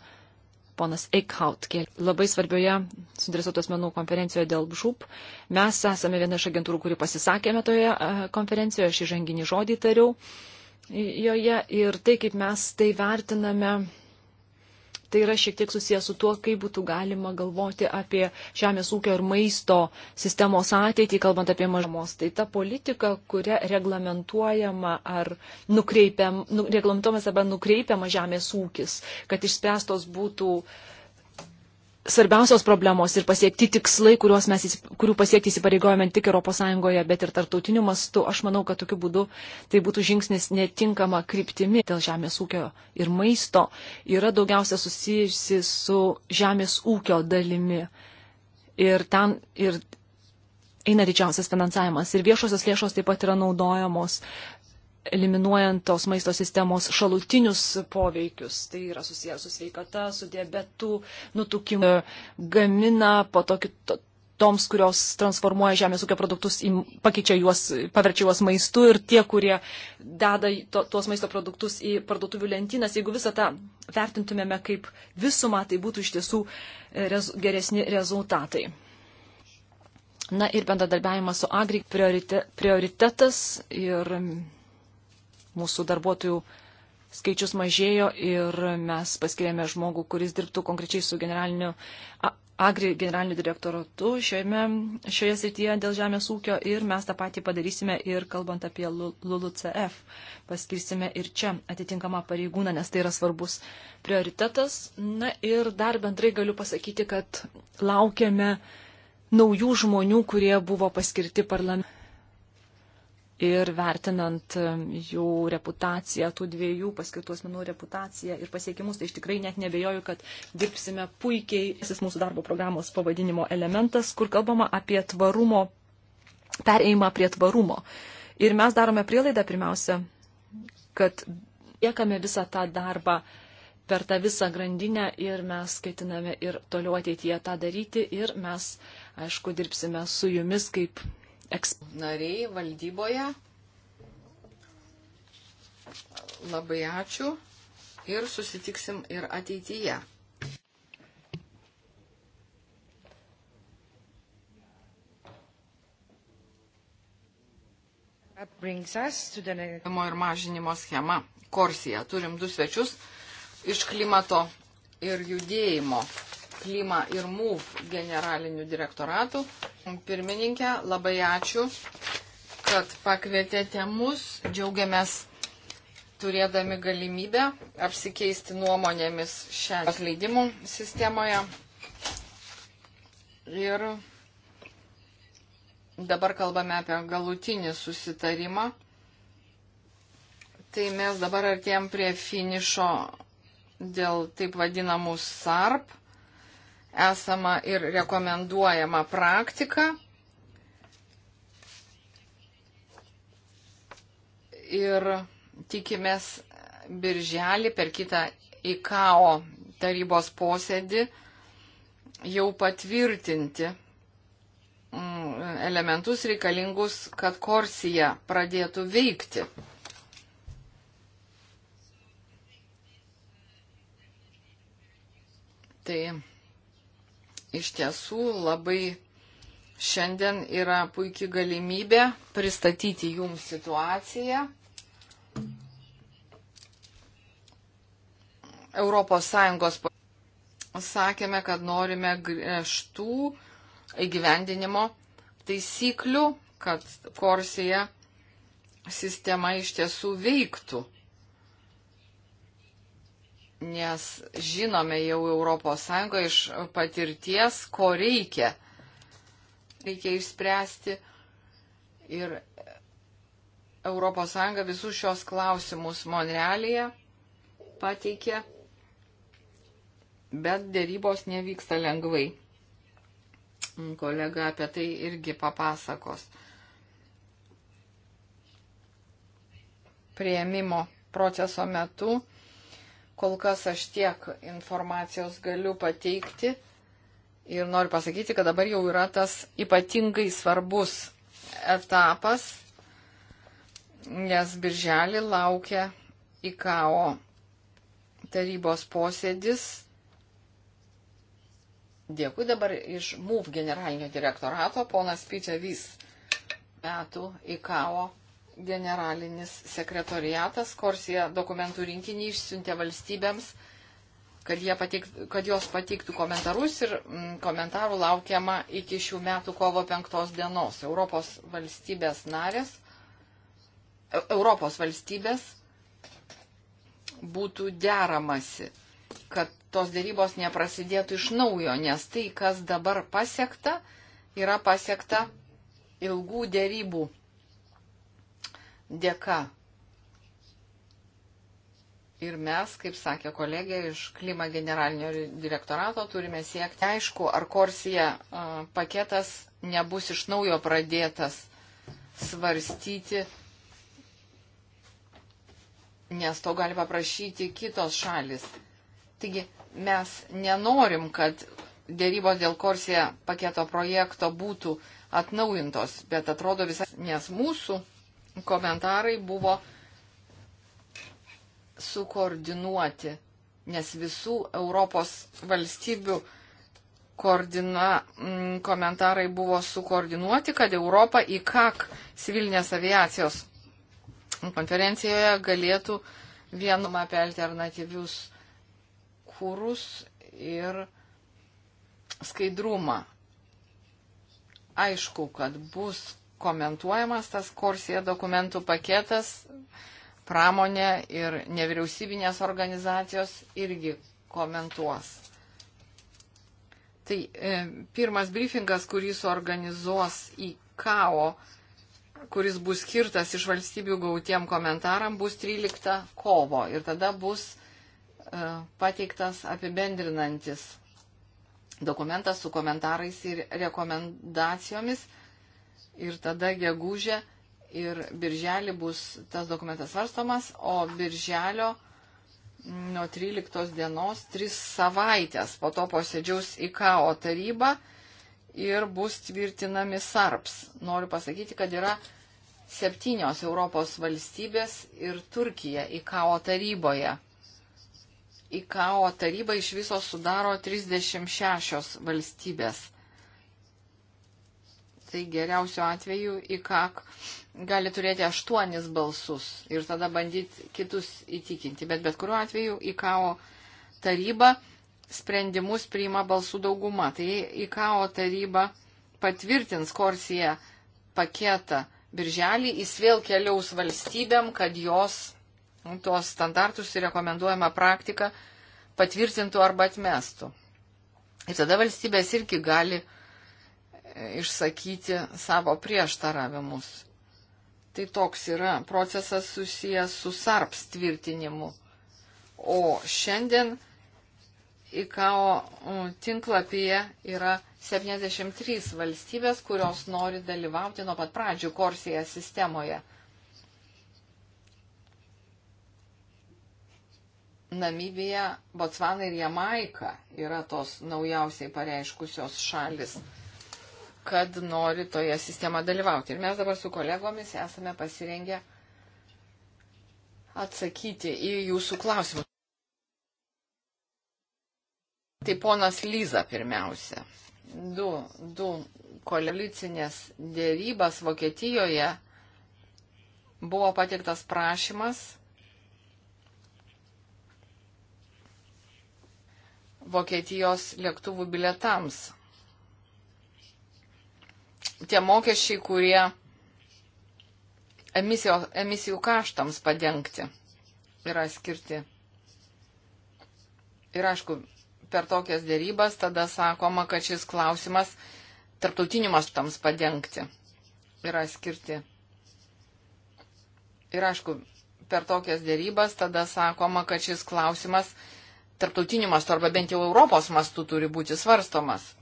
ponas Eichhaut, kiek labai svarbioje suinteresuotų asmenų konferencijoje dėl žūp. Mes esame viena iš agentūrų, kuri pasisakėme toje e, konferencijoje, aš įžanginį žodį tariau joje ir tai, kaip mes tai vertiname tai yra šiek tiek susijęs su tuo, kaip būtų galima galvoti apie žemės ūkio ir maisto sistemos ateitį, kalbant apie mažumos. Tai ta politika, kuria reglamentuojama ar nukreipiam, nu, reglamentuojamas arba nukreipiama žemės ūkis, kad išspręstos būtų uh, svarbiausios problemos ir pasiekti tikslai, mes, kurių pasiekti įsipareigojame tik ES, bet ir tartautiniu mastu, aš manau, kad tokiu būdu tai būtų žingsnis netinkama kryptimi dėl žemės ūkio ir maisto, yra daugiausia susijusi su žemės ūkio dalimi. Ir ten ir eina didžiausias finansavimas. Ir viešosios lėšos taip pat yra naudojamos eliminuojant tos maisto sistemos šalutinius poveikius. Tai yra susijęs su sveikata, su diabetu, nutukimu, gamina po to kito, toms, kurios transformuoja žemės ūkio produktus, į, pakeičia juos, paverčia juos maistu ir tie, kurie deda to, tuos maisto produktus į parduotuvių lentynas. Jeigu visą tą vertintumėme kaip visumą, tai būtų iš tiesų e, rez, geresni rezultatai. Na ir bendradarbiavimas su Agri priorite, prioritetas ir mūsų darbuotojų skaičius mažėjo ir mes paskirėme žmogų, kuris dirbtų konkrečiai su generaliniu, agri generaliniu direktoratu šiame, šioje srityje dėl žemės ūkio ir mes tą patį padarysime ir kalbant apie LULUCF. Paskirsime ir čia atitinkamą pareigūną, nes tai yra svarbus prioritetas. Na ir dar bendrai galiu pasakyti, kad laukiame naujų žmonių, kurie buvo paskirti parlamentui ir vertinant um, jų reputaciją, tų dviejų paskirtų asmenų reputaciją ir pasiekimus, tai aš tikrai net nebejoju, kad dirbsime puikiai. Šis mūsų darbo programos pavadinimo elementas, kur kalbama apie tvarumo, pereimą prie tvarumo. Ir mes darome prielaidą pirmiausia, kad liekame visą tą darbą per tą visą grandinę ir mes ketiname ir toliau ateityje tą daryti ir mes, aišku, dirbsime su jumis kaip nariai valdyboje. Labai ačiū ir susitiksim ir ateityje. ir mažinimo schema. Korsija. Turim du svečius iš klimato ir judėjimo Klima ir MUV generalinių direktoratų. Pirmininkė, labai ačiū, kad pakvietėte mus. Džiaugiamės turėdami galimybę apsikeisti nuomonėmis šią atleidimų sistemoje. Ir dabar kalbame apie galutinį susitarimą. Tai mes dabar artėjom prie finišo dėl taip vadinamų SARP esama ir rekomenduojama praktika. Ir tikimės birželį per kitą IKO tarybos posėdį jau patvirtinti mm, elementus reikalingus, kad Korsija pradėtų veikti. Tai iš tiesų labai šiandien yra puikia galimybė pristatyti jums situaciją. Europos Sąjungos sakėme, kad norime griežtų įgyvendinimo taisyklių, kad korsija sistema iš tiesų veiktų nes žinome jau ES iš patirties, ko reikia. Reikia išspręsti ir ES visus šios klausimus Monrealėje pateikė, bet dėrybos nevyksta lengvai. Kolega apie tai irgi papasakos. Prieimimo proceso metu Kol kas aš tiek informacijos galiu pateikti ir noriu pasakyti, kad dabar jau yra tas ypatingai svarbus etapas, nes birželį laukia IKO tarybos posėdis. Dėkui dabar iš MUV generalinio direktorato, ponas Pyčia Vis metų IKO generalinis sekretoriatas Korsija dokumentų rinkinį išsiuntė valstybėms, kad, patik, kad jos patiktų komentarus ir mm, komentarų laukiama iki šių metų kovo penktos dienos. Europos valstybės narės, e-, Europos valstybės būtų deramasi, kad tos dėrybos neprasidėtų iš naujo, nes tai, kas dabar pasiekta, yra pasiekta ilgų dėrybų dėka. Ir mes, kaip sakė kolegė iš klima generalinio direktorato, turime siekti aišku, ar korsija paketas nebus iš naujo pradėtas svarstyti, nes to gali paprašyti kitos šalis. Taigi mes nenorim, kad dėrybos dėl korsija paketo projekto būtų atnaujintos, bet atrodo visai, nes mūsų komentarai buvo sukoordinuoti, nes visų Europos valstybių koordina, mm, komentarai buvo sukoordinuoti, kad Europa į KAK civilinės aviacijos konferencijoje galėtų vienumą apie alternatyvius kūrus ir skaidrumą. Aišku, kad bus komentuojamas tas korsija dokumentų paketas, pramonė ir nevyriausybinės organizacijos irgi komentuos. Tai e, pirmas briefingas, kurį suorganizuos į KAO, kuris bus skirtas iš valstybių gautiem komentaram, bus 13 kovo ir tada bus e, pateiktas apibendrinantis dokumentas su komentarais ir rekomendacijomis. E, ir tada gegužė ir birželį bus tas dokumentas svarstomas, o birželio nuo 13 dienos 3 savaitės po to posėdžiaus IKO taryba ir bus tvirtinami SARPS. Noriu pasakyti, kad yra septynios Europos valstybės ir Turkija IKO taryboje. IKO taryba iš viso sudaro 36 valstybės tai geriausiu atveju IKAK gali turėti aštuonis balsus ir tada bandyti kitus įtikinti. Bet bet kuriuo atveju IKAO taryba sprendimus priima balsų dauguma. Tai IKAO taryba patvirtins Korsiją paketą birželį, jis vėl keliaus valstybėm, kad jos nu, tuos standartus ir rekomenduojamą praktiką patvirtintų arba atmestų. Ir tada valstybės irgi gali uh, išsakyti savo prieštaravimus. Tai toks yra procesas susijęs su SARPS tvirtinimu. O šiandien ICAO mm, tinklapyje yra 73 valstybės, kurios nori dalyvauti nuo pat pradžių Korsėje sistemoje. Namibija, Botsvana ir Jamaika yra tos naujausiai pareiškusios šalis kad nori toje sistemoje dalyvauti. Ir mes dabar su kolegomis esame pasirengę atsakyti į jūsų klausimus. Tai ponas Lyza pirmiausia. Du, du koalicinės dėrybas Vokietijoje buvo patiktas prašymas Vokietijos lėktuvų biletams tie mokesčiai, kurie emisijų, emisijų kaštams padengti yra skirti. Ir aišku, per tokias dėrybas tada sakoma, kad šis klausimas tarptautiniu mastams padengti yra skirti. Ir aišku, per tokias dėrybas tada sakoma, kad šis klausimas tarptautiniu mastu arba bent jau Europos mastu turi būti svarstomas.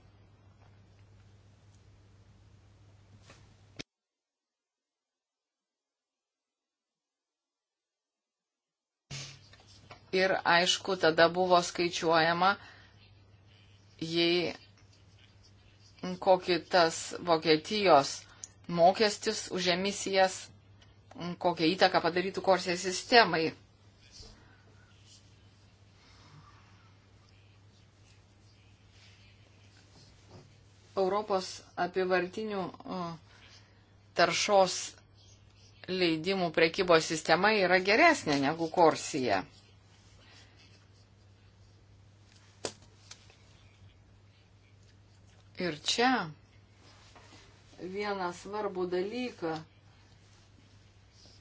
ir aišku, tada buvo skaičiuojama, jei kokį tas Vokietijos mokestis už emisijas, kokią įtaką padarytų korsės sistemai. Europos apivartinių taršos leidimų prekybos sistema yra geresnė negu Korsija. Ir čia vieną svarbų dalyką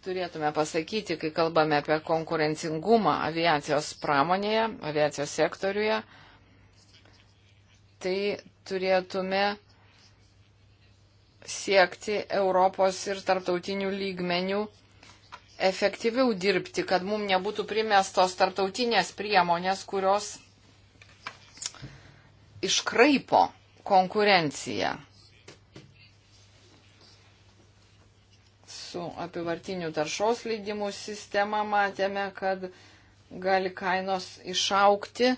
turėtume pasakyti, kai kalbame apie konkurencingumą aviacijos pramonėje, aviacijos sektoriuje, tai turėtume siekti Europos ir tarptautinių lygmenių efektyviau dirbti, kad mums nebūtų primestos tarptautinės priemonės, kurios iškraipo konkurencija su apivartiniu taršos leidimų sistema matėme, kad gali kainos išaukti.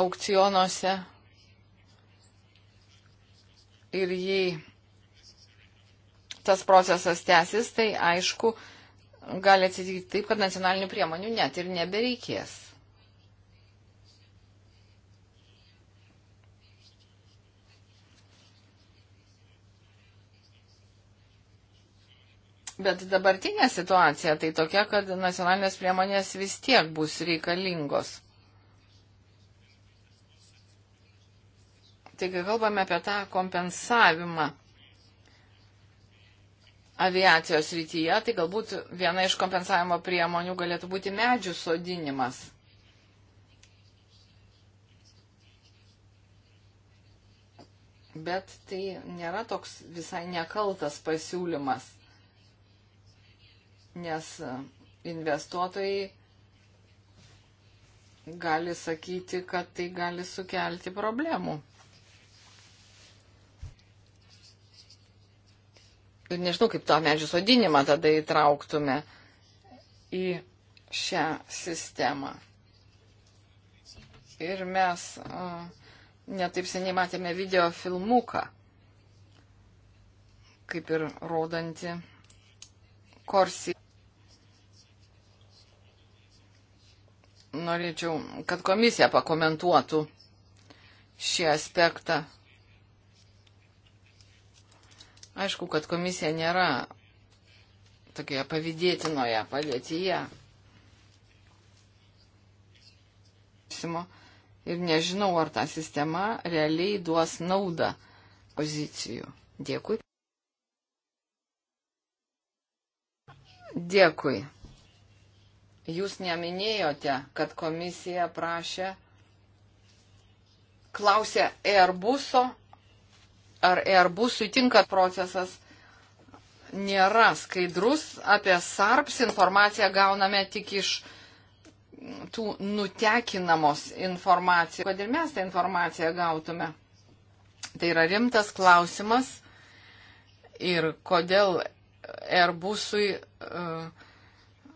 aukcionuose ir jei tas procesas tęsis, tai aišku, gali atsitikti taip, kad nacionalinių priemonių net ir nebereikės. Bet dabartinė situacija tai tokia, kad nacionalinės priemonės vis tiek bus reikalingos. Tai kai kalbame apie tą kompensavimą, aviacijos rytyje, tai galbūt viena iš kompensavimo priemonių galėtų būti medžių sodinimas. Bet tai nėra toks visai nekaltas pasiūlymas, nes investuotojai gali sakyti, kad tai gali sukelti problemų. ir nežinau, kaip tą medžių sodinimą tada įtrauktume į šią sistemą. Ir mes netaip seniai matėme video filmuką, kaip ir rodanti Korsi. Norėčiau, kad komisija pakomentuotų šį aspektą Aišku, kad komisija nėra tokioje pavydėtinoje padėtyje. Ir nežinau, ar ta sistema realiai duos naudą pozicijų. Dėkui. Dėkui. Jūs neminėjote, kad komisija prašė, klausė Airbuso ar Airbusui tinka procesas nėra skaidrus. Apie SARPS informaciją gauname tik iš tų nutekinamos informacijos. Kad ir mes tą informaciją gautume. Tai yra rimtas klausimas ir kodėl Airbusui uh,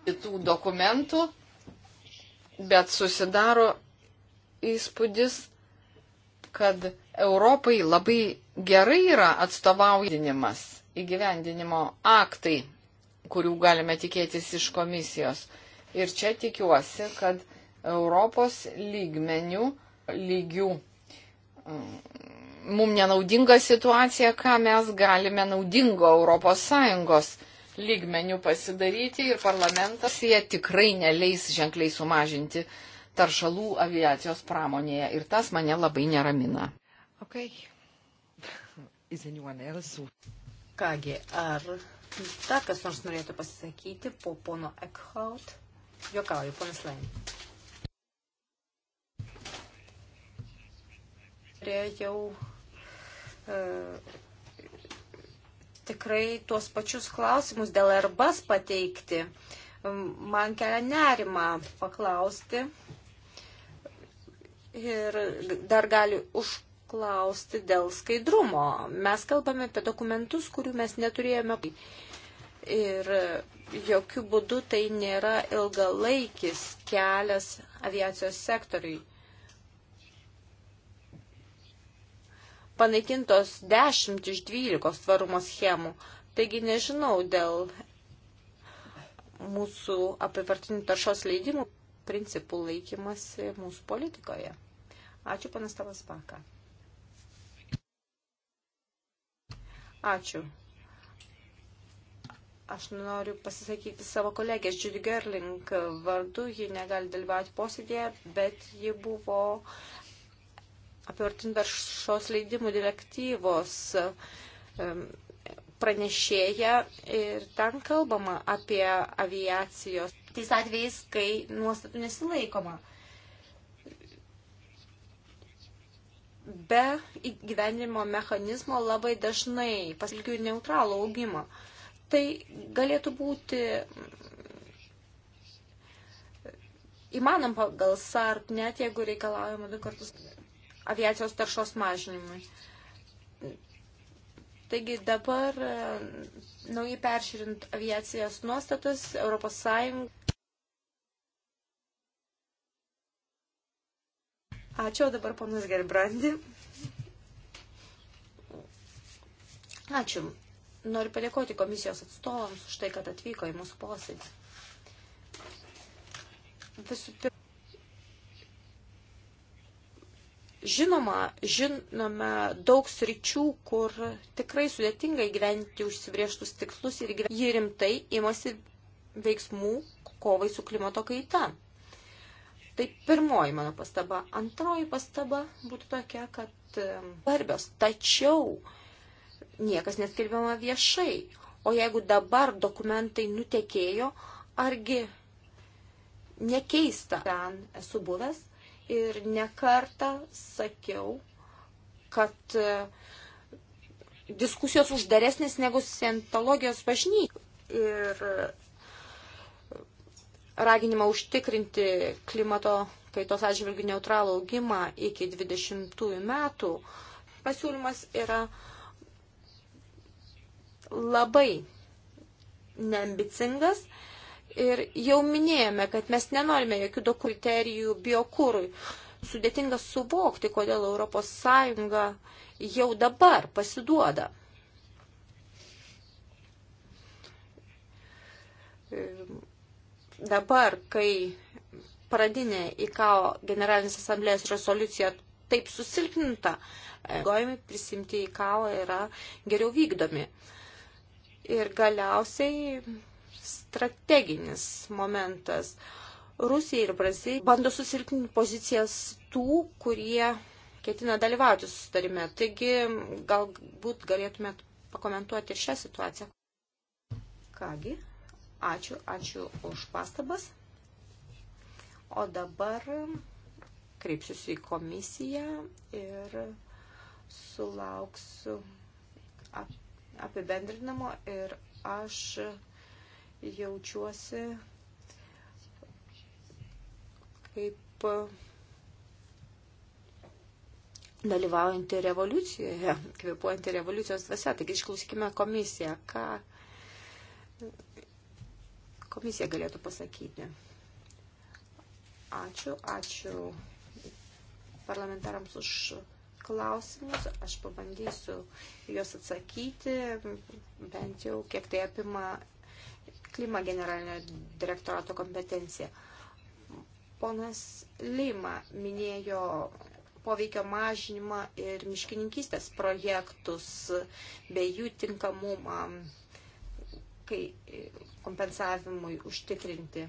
kitų dokumentų, bet susidaro įspūdis, kad Europai labai gerai yra atstovaujinimas įgyvendinimo aktai, kurių galime tikėtis iš komisijos. Ir čia tikiuosi, kad Europos lygmenių, lygių, mm, mums nenaudinga situacija, ką mes galime naudingo ES lygmenių pasidaryti ir parlamentas jie tikrai neleis ženkliai sumažinti uh, taršalų aviacijos pramonėje ir tas mane labai neramina. Okay. *laughs* Kągi, ar dar kas nors norėtų pasisakyti po pono Eckhout? Jokauju, ponas Lain. Turėjau e, tikrai tuos pačius klausimus dėl erbas pateikti. Man kelia nerima paklausti, ir dar gali užklausti dėl skaidrumo. Mes kalbame apie dokumentus, kurių mes neturėjome. Ir jokių būdų tai nėra ilgalaikis kelias aviacijos sektoriui. Panaikintos 10 iš 12 tvarumo schemų. Taigi nežinau dėl mūsų apivartinių taršos leidimų principų laikymasi mūsų politikoje. Ačiū, panas Talas Paka. Ačiū. Aš noriu pasisakyti savo kolegės Judy Gerling vardu. Ji negali dalyvauti posėdėje, bet ji buvo apivartinveršos leidimų direktyvos pranešėja ir ten kalbama apie aviacijos tais atvejais, kai nuostatų nesilaikoma. be įgyvendinimo mechanizmo labai dažnai pasilgiu ir neutralų augimą. Tai galėtų būti įmanom pagal SART, net jeigu reikalaujama du kartus aviacijos taršos mažinimui. Taigi dabar e, naujai peržiūrint aviacijos nuostatas, ES Ačiū, o dabar ponas Gerbrandi. Ačiū. Noriu padėkoti komisijos atstovams už tai, kad atvyko į mūsų posėdį. Visų pirma. Žinoma, žinome daug sričių, kur tikrai sudėtinga įgyventi užsibrieštus tikslus ir jį rimtai imasi veiksmų kovai su klimato kaita. Tai pirmoji mano pastaba. Antroji pastaba būtų tokia, kad svarbios, tačiau niekas neskelbiama viešai. O jeigu dabar dokumentai nutekėjo, argi nekeista. Ten esu buvęs ir nekartą sakiau, kad e, diskusijos uždaresnės negu sentologijos bažnyčia. Ir raginimą užtikrinti klimato kaitos atžvilgių neutralų augimą iki 20 metų, pasiūlymas yra labai neambicingas ir jau minėjome, kad mes nenorime jokių daug kriterijų biokūrui. Sudėtinga suvokti, kodėl ES jau dabar pasiduoda dabar, kai pradinė IKAO generalinės asamblės rezoliucija taip susilpninta, gojami prisimti IKAO yra geriau vykdomi. Ir galiausiai strateginis momentas. Rusija ir Brazilija bando susilpninti pozicijas tų, kurie ketina dalyvauti susitarime. Taigi galbūt galėtumėt pakomentuoti ir šią situaciją. Kągi? Ačiū, ačiū už pastabas. O dabar kreipsiuosi į komisiją ir sulauksiu apibendrinamo ir aš jaučiuosi kaip dalyvaujantį revoliucijoje, kvepuojantį revoliucijos dvasia. Taigi išklausykime komisiją, ką Komisija galėtų pasakyti. Ačiū, ačiū parlamentarams už klausimus. Aš pabandysiu juos atsakyti, bent jau kiek tai apima klima generalinio direktorato kompetencija. Ponas Lima minėjo poveikio mažinimą ir miškininkystės projektus bei jų tinkamumą kai e, kompensavimui užtikrinti.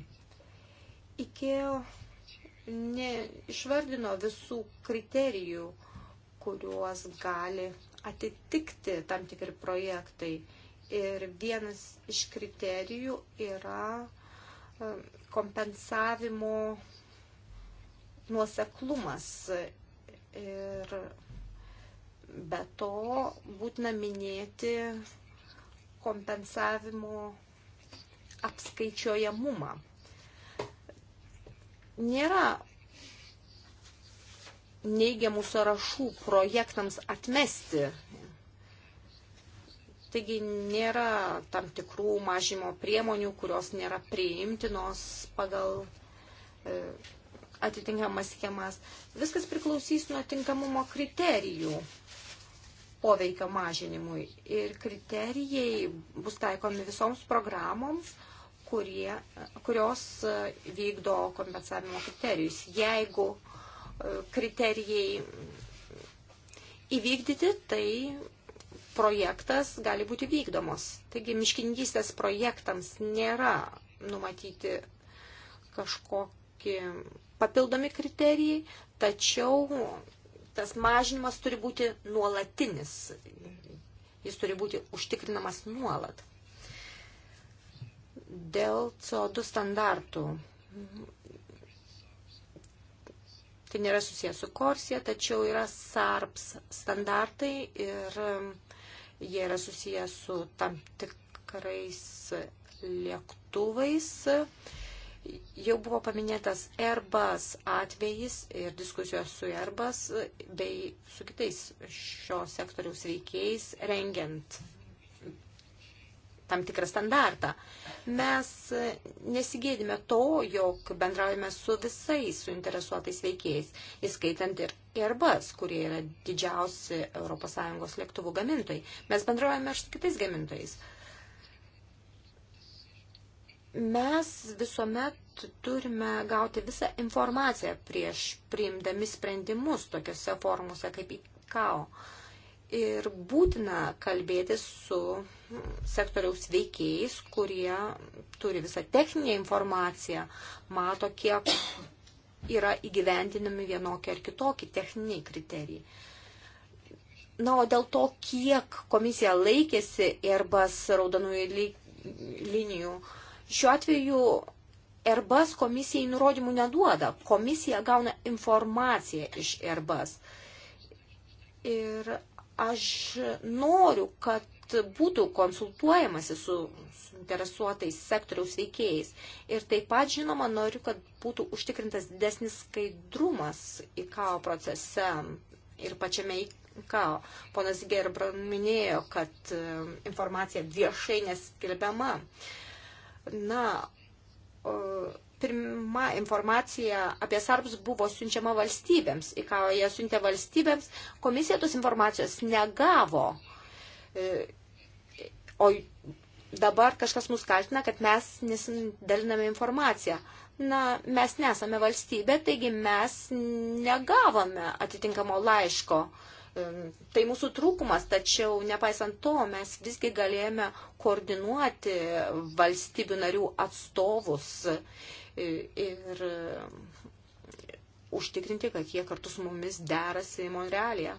IKEO neišvardino visų kriterijų, kuriuos gali atitikti tam tikri projektai. Ir vienas iš kriterijų yra e, kompensavimo nuoseklumas. Ir be to būtina minėti kompensavimo apskaičiuojamumą. Nėra neigiamų sąrašų projektams atmesti. Taigi nėra tam tikrų mažymo priemonių, kurios nėra priimtinos pagal e, atitinkamas schemas. Viskas priklausys nuo tinkamumo kriterijų poveikio mažinimui. Ir kriterijai bus taikomi visoms programoms, kurie, kurios vykdo kompensavimo kriterijus. Jeigu e, kriterijai įvykdyti, tai projektas gali būti vykdomos. Taigi miškininkystės projektams nėra numatyti kažkokie papildomi kriterijai, tačiau tas mažinimas turi būti nuolatinis. Jis turi būti užtikrinamas nuolat. Dėl CO2 standartų. Tai nėra susijęs su Korsija, tačiau yra SARPS standartai ir um, jie yra susijęs su tam tikrais lėktuvais. Jau buvo paminėtas Airbus atvejis ir diskusijos su Airbus bei su kitais šio sektoriaus veikėjais rengiant tam tikrą standartą. Mes nesigėdime to, jog bendraujame su visais suinteresuotais veikėjais, įskaitant ir Airbus, kurie yra didžiausi ES lėktuvų gamintojai. Mes bendraujame ir su kitais gamintojais. Mes visuomet turime gauti visą informaciją prieš priimdami sprendimus tokiuose formuose kaip ICAO. Ir būtina kalbėtis su sektoriaus veikėjais, kurie turi visą techninę informaciją, mato, kiek yra įgyvendinami vienokie ar kitokie techniniai kriterijai. Na, o dėl to, kiek komisija laikėsi Airbus raudonųjų linijų uh, Šiuo atveju Airbus komisijai nurodymų neduoda. Komisija gauna informaciją iš Airbus. Ir aš noriu, kad būtų konsultuojamasi su interesuotais sektoriaus veikėjais. Ir taip pat, žinoma, noriu, kad būtų užtikrintas didesnis skaidrumas IKAO procese ir pačiame IKAO. Ponas Gerbran minėjo, kad e, informacija viešai neskelbiama. Uh, Na, pirma informacija apie SARPS buvo siunčiama valstybėms, į ką jie siuntė valstybėms, komisija tos informacijos negavo. E, o dabar kažkas mus kaltina, kad mes nesidaliname informaciją. Na, mes nesame valstybė, taigi mes negavome atitinkamo laiško. Uh, Tai mūsų trūkumas, tačiau nepaisant to mes visgi galėjome koordinuoti valstybių narių atstovus ir užtikrinti, kad jie kartu su mumis derasi Monrealėje.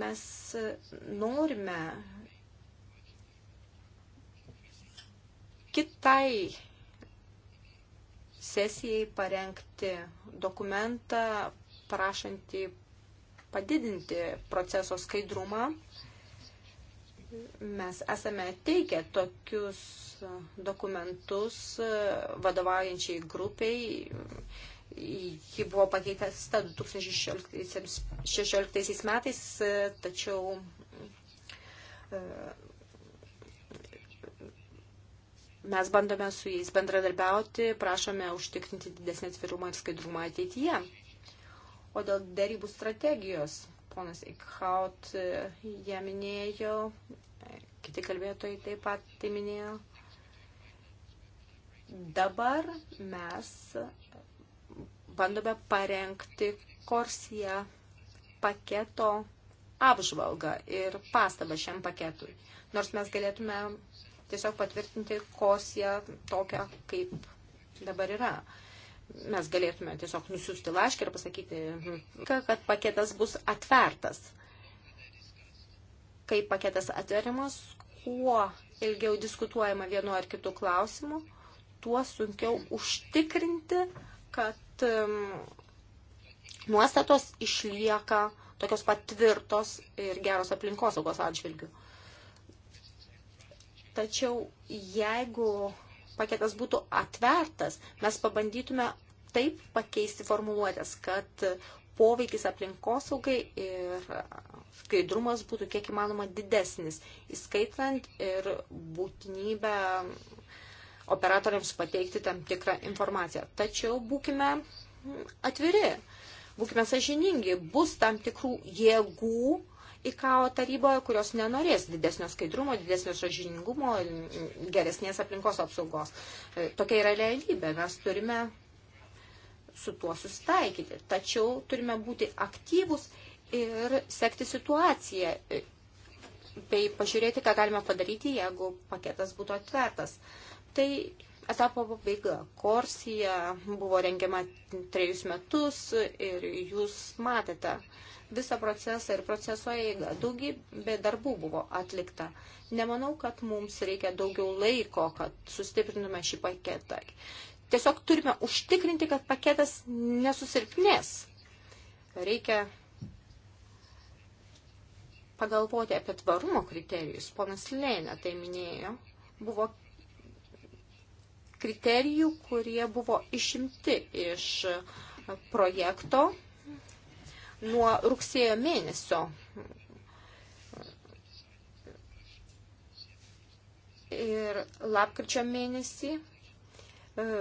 Mes norime kitai sesijai parengti dokumentą, prašantį padidinti proceso skaidrumą. Mes esame teikę tokius dokumentus vadovaujančiai grupiai. Ji buvo pakeitęsta 2016 metais, tačiau e, mes bandome su jais bendradarbiauti, prašome užtikrinti didesnį atvirumą ir skaidrumą ateityje. O dėl dėrybų strategijos, ponas Ikhaut e, ją minėjo, e, kiti kalbėtojai taip pat tai minėjo. Dabar mes bandome parengti korsiją paketo apžvalgą ir pastabą šiam paketui. Nors mes galėtume tiesiog patvirtinti korsiją tokią, kaip dabar yra. Uh, mes galėtume tiesiog nusiųsti laišką ir pasakyti, mhm, kad paketas bus atvertas. Kai paketas atveriamas, kuo ilgiau diskutuojama vienu ar kitu klausimu, tuo sunkiau užtikrinti, kad um, nuostatos išlieka tokios pat tvirtos ir geros aplinkosaugos atžvilgių. Tačiau jeigu paketas būtų atvertas, mes pabandytume taip pakeisti formuluotės, kad poveikis aplinkosaugai ir skaidrumas būtų kiek įmanoma didesnis, įskaitant ir būtinybę operatoriams pateikti tam tikrą informaciją. Tačiau būkime atviri, būkime sažiningi, bus tam tikrų jėgų, IKAO taryboje, kurios nenorės didesnio skaidrumo, didesnio sažiningumo, geresnės aplinkos apsaugos. E, tokia yra realybė. Mes turime su tuo susitaikyti. Tačiau turime būti aktyvus ir sekti situaciją e, bei pažiūrėti, ką galima padaryti, jeigu paketas būtų atvertas. Tai etapo pabaiga. Korsija buvo rengiama trejus metus ir jūs matėte, uh, visą procesą ir proceso eigą. Daugybė darbų buvo atlikta. Nemanau, kad mums reikia daugiau laiko, kad sustiprintume šį paketą. Tiesiog turime užtikrinti, kad paketas nesusilpnės. Reikia pagalvoti apie tvarumo kriterijus. Ponas Lėnė tai minėjo. Buvo kriterijų, kurie buvo išimti iš projekto nuo rugsėjo mėnesio. Ir lapkričio mėnesį e,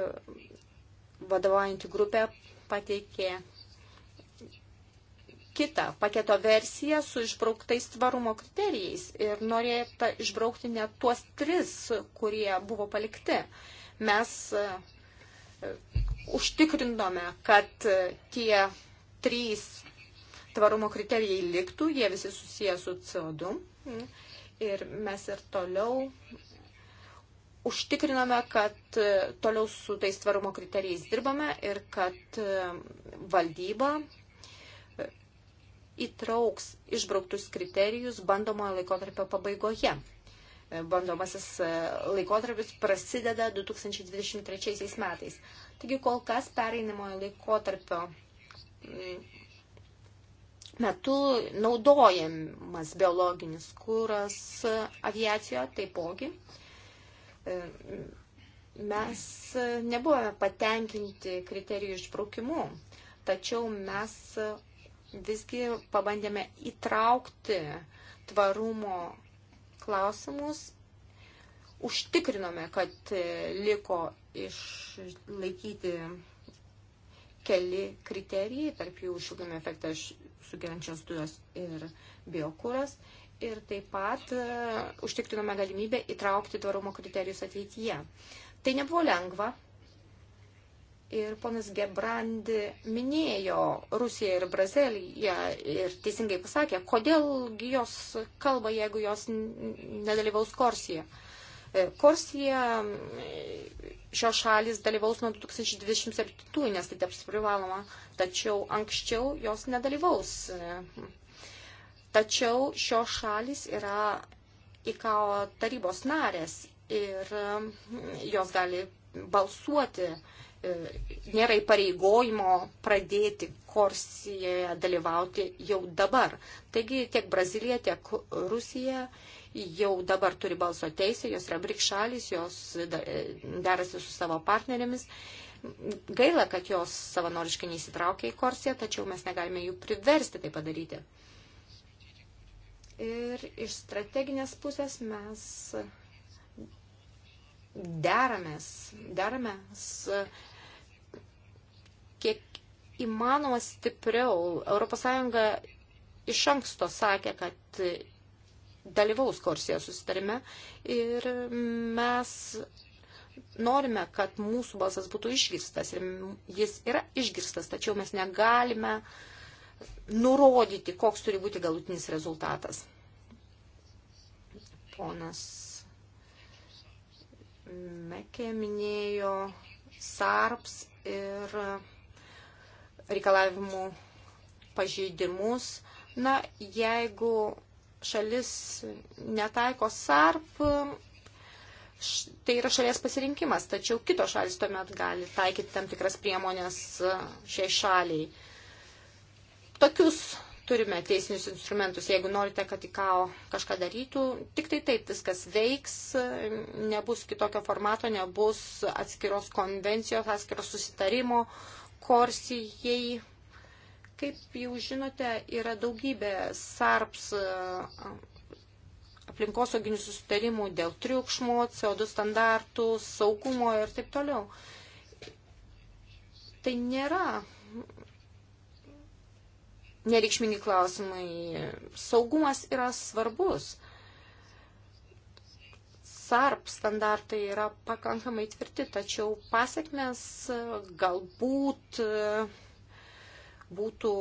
vadovaujantį grupę pateikė kitą paketo versiją su išbrauktais tvarumo kriterijais ir norėta išbraukti net tuos tris, kurie buvo palikti. Mes e, užtikrindome, kad tie trys tvarumo kriterijai liktų, jie visi susiję su CO2. Ir mes ir toliau užtikriname, kad e, toliau su tais tvarumo kriterijais dirbame ir kad e, valdyba e, įtrauks išbrauktus kriterijus bandomojo laikotarpio pabaigoje. Bandomasis laikotarpis prasideda 2023 metais. Taigi kol kas pereinamojo laikotarpio metu naudojamas biologinis kūras aviacijoje taipogi. E, mes nebuvome patenkinti kriterijų išbraukimu, tačiau mes visgi pabandėme įtraukti tvarumo klausimus, užtikrinome, kad liko išlaikyti keli kriterijai, tarp jų šiltnamio efektą sugeriančios dujos ir biokuras. Ir taip pat uh, užtikrinome galimybę įtraukti tvarumo kriterijus ateityje. Tai nebuvo lengva. Ir ponas Gebrandi minėjo Rusiją ir Braziliją ir teisingai pasakė, kodėlgi jos kalba, jeigu jos nedalyvaus Korsiją. E, Korsija šios šalis dalyvaus nuo 2027, nes tai taps privaloma, tačiau anksčiau jos nedalyvaus. Tačiau šios šalis yra IKAO tarybos narės ir mm, jos gali balsuoti, e, nėra įpareigojimo pradėti Korsijoje dalyvauti jau dabar. Taigi tiek Brazilija, tiek Rusija jau dabar turi balso teisę, jos yra brikšalis, jos e, derasi su savo partnerėmis. Gaila, kad jos savanoriškai neįsitraukia į Korsiją, tačiau mes negalime jų priversti tai padaryti. Ir iš strateginės pusės mes deramės, deramės kiek įmanoma stipriau. ES iš anksto sakė, kad dalyvaus Korsijos susitarime ir mes norime, kad mūsų balsas būtų išgirstas ir jis yra išgirstas, tačiau mes negalime nurodyti, koks turi būti galutinis rezultatas. Ponas Mekė minėjo SARPS ir reikalavimų pažeidimus. Na, jeigu šalis netaiko SARP, tai yra šalies pasirinkimas, tačiau kitos šalis tuomet gali taikyti tam tikras priemonės e, šiai šaliai. Tokius turime teisinius instrumentus, jeigu norite, kad IKAO kažką darytų, tik tai taip viskas veiks, e, nebus kitokio formato, nebus atskiros konvencijos, atskiros susitarimo, korsijai Kaip jau žinote, yra daugybė SARPS e, aplinkosauginių susitarimų dėl triukšmo, CO2 standartų, saugumo ir taip toliau. Tai nėra nereikšmingi klausimai. Saugumas yra svarbus. SARP standartai yra pakankamai tvirti, tačiau pasiekmes e, galbūt uh, būtų,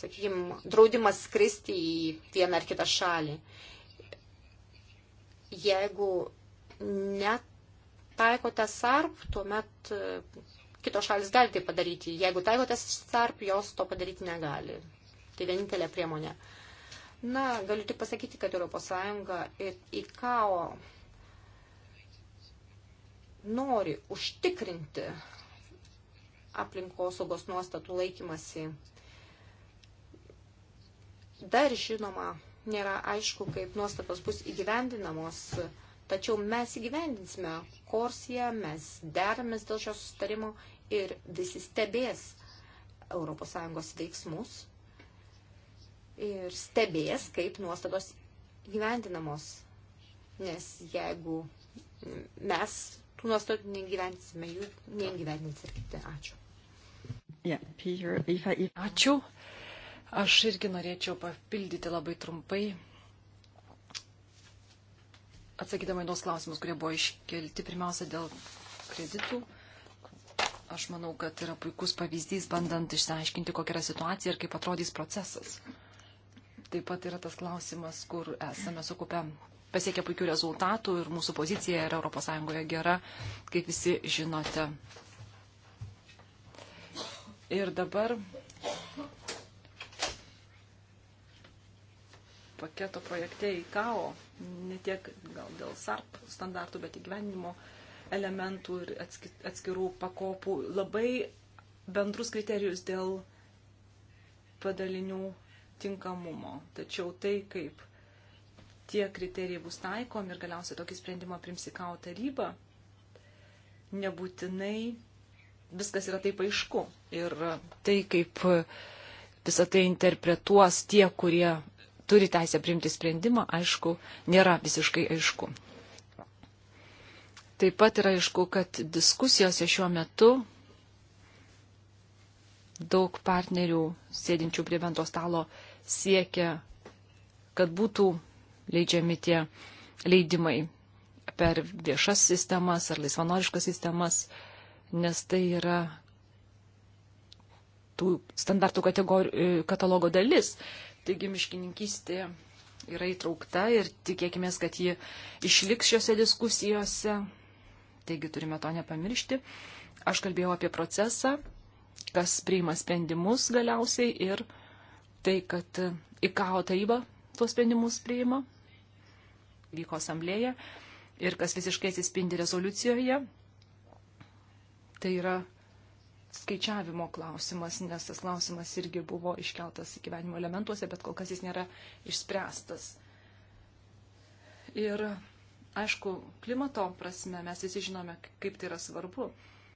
sakykime, draudimas skristi į vieną ar kitą šalį. Jeigu netaikote SARP, tuomet e, kitos šalis gali tai padaryti. Jeigu taikote SARP, jos to padaryti negali. Tai vienintelė priemonė. Na, galiu tik pasakyti, kad ES ir ICAO nori užtikrinti aplinkosaugos nuostatų laikymasi. Dar žinoma, nėra aišku, kaip nuostatos bus įgyvendinamos, tačiau mes įgyvendinsime Korsiją, mes deramės dėl šio sustarimo ir visi stebės ES veiksmus ir stebės, kaip nuostatos įgyvendinamos. Nes jeigu mes tų nuostatų neįgyvendinsime, jų neįgyvendins ir kiti. Ačiū. Yeah, Peter, if I, if... Ačiū. Aš irgi norėčiau papildyti labai trumpai, atsakydama į tos klausimus, kurie buvo iškelti pirmiausia dėl kreditų. Aš manau, kad yra puikus pavyzdys, bandant išsiaiškinti, kokia yra situacija ir kaip atrodys procesas. Taip pat yra tas klausimas, kur esame sukupę pasiekę puikių rezultatų ir mūsų pozicija yra ES gera, kaip visi žinote. Ir dabar paketo projekte į KAO, ne tiek gal dėl SARP standartų, bet įgyvenimo elementų ir atskirų pakopų, labai bendrus kriterijus dėl padalinių tinkamumo. Tačiau tai, kaip tie kriterijai bus taikomi ir galiausiai tokį sprendimą primsikau taryba, nebūtinai viskas yra taip aišku. Ir tai, kaip visą tai interpretuos tie, kurie turi teisę priimti sprendimą, aišku, nėra visiškai aišku. Taip pat yra aišku, kad diskusijose šiuo metu daug partnerių sėdinčių prie bento stalo siekia, kad būtų leidžiami tie leidimai per viešas sistemas ar laisvanoriškas sistemas nes tai yra tų standartų e, katalogo dalis. Taigi miškininkystė yra įtraukta ir tikėkime, kad ji išliks šiuose diskusijose. Taigi turime to nepamiršti. Aš kalbėjau apie procesą, kas priima sprendimus galiausiai ir tai, kad IKAO taryba tuos sprendimus priima, vyko asamblėje ir kas visiškai atsispindi rezoliucijoje, tai yra skaičiavimo klausimas, nes tas klausimas irgi buvo iškeltas gyvenimo elementuose, bet kol kas jis nėra išspręstas. Ir aišku, klimato prasme mes visi žinome, kaip tai yra svarbu.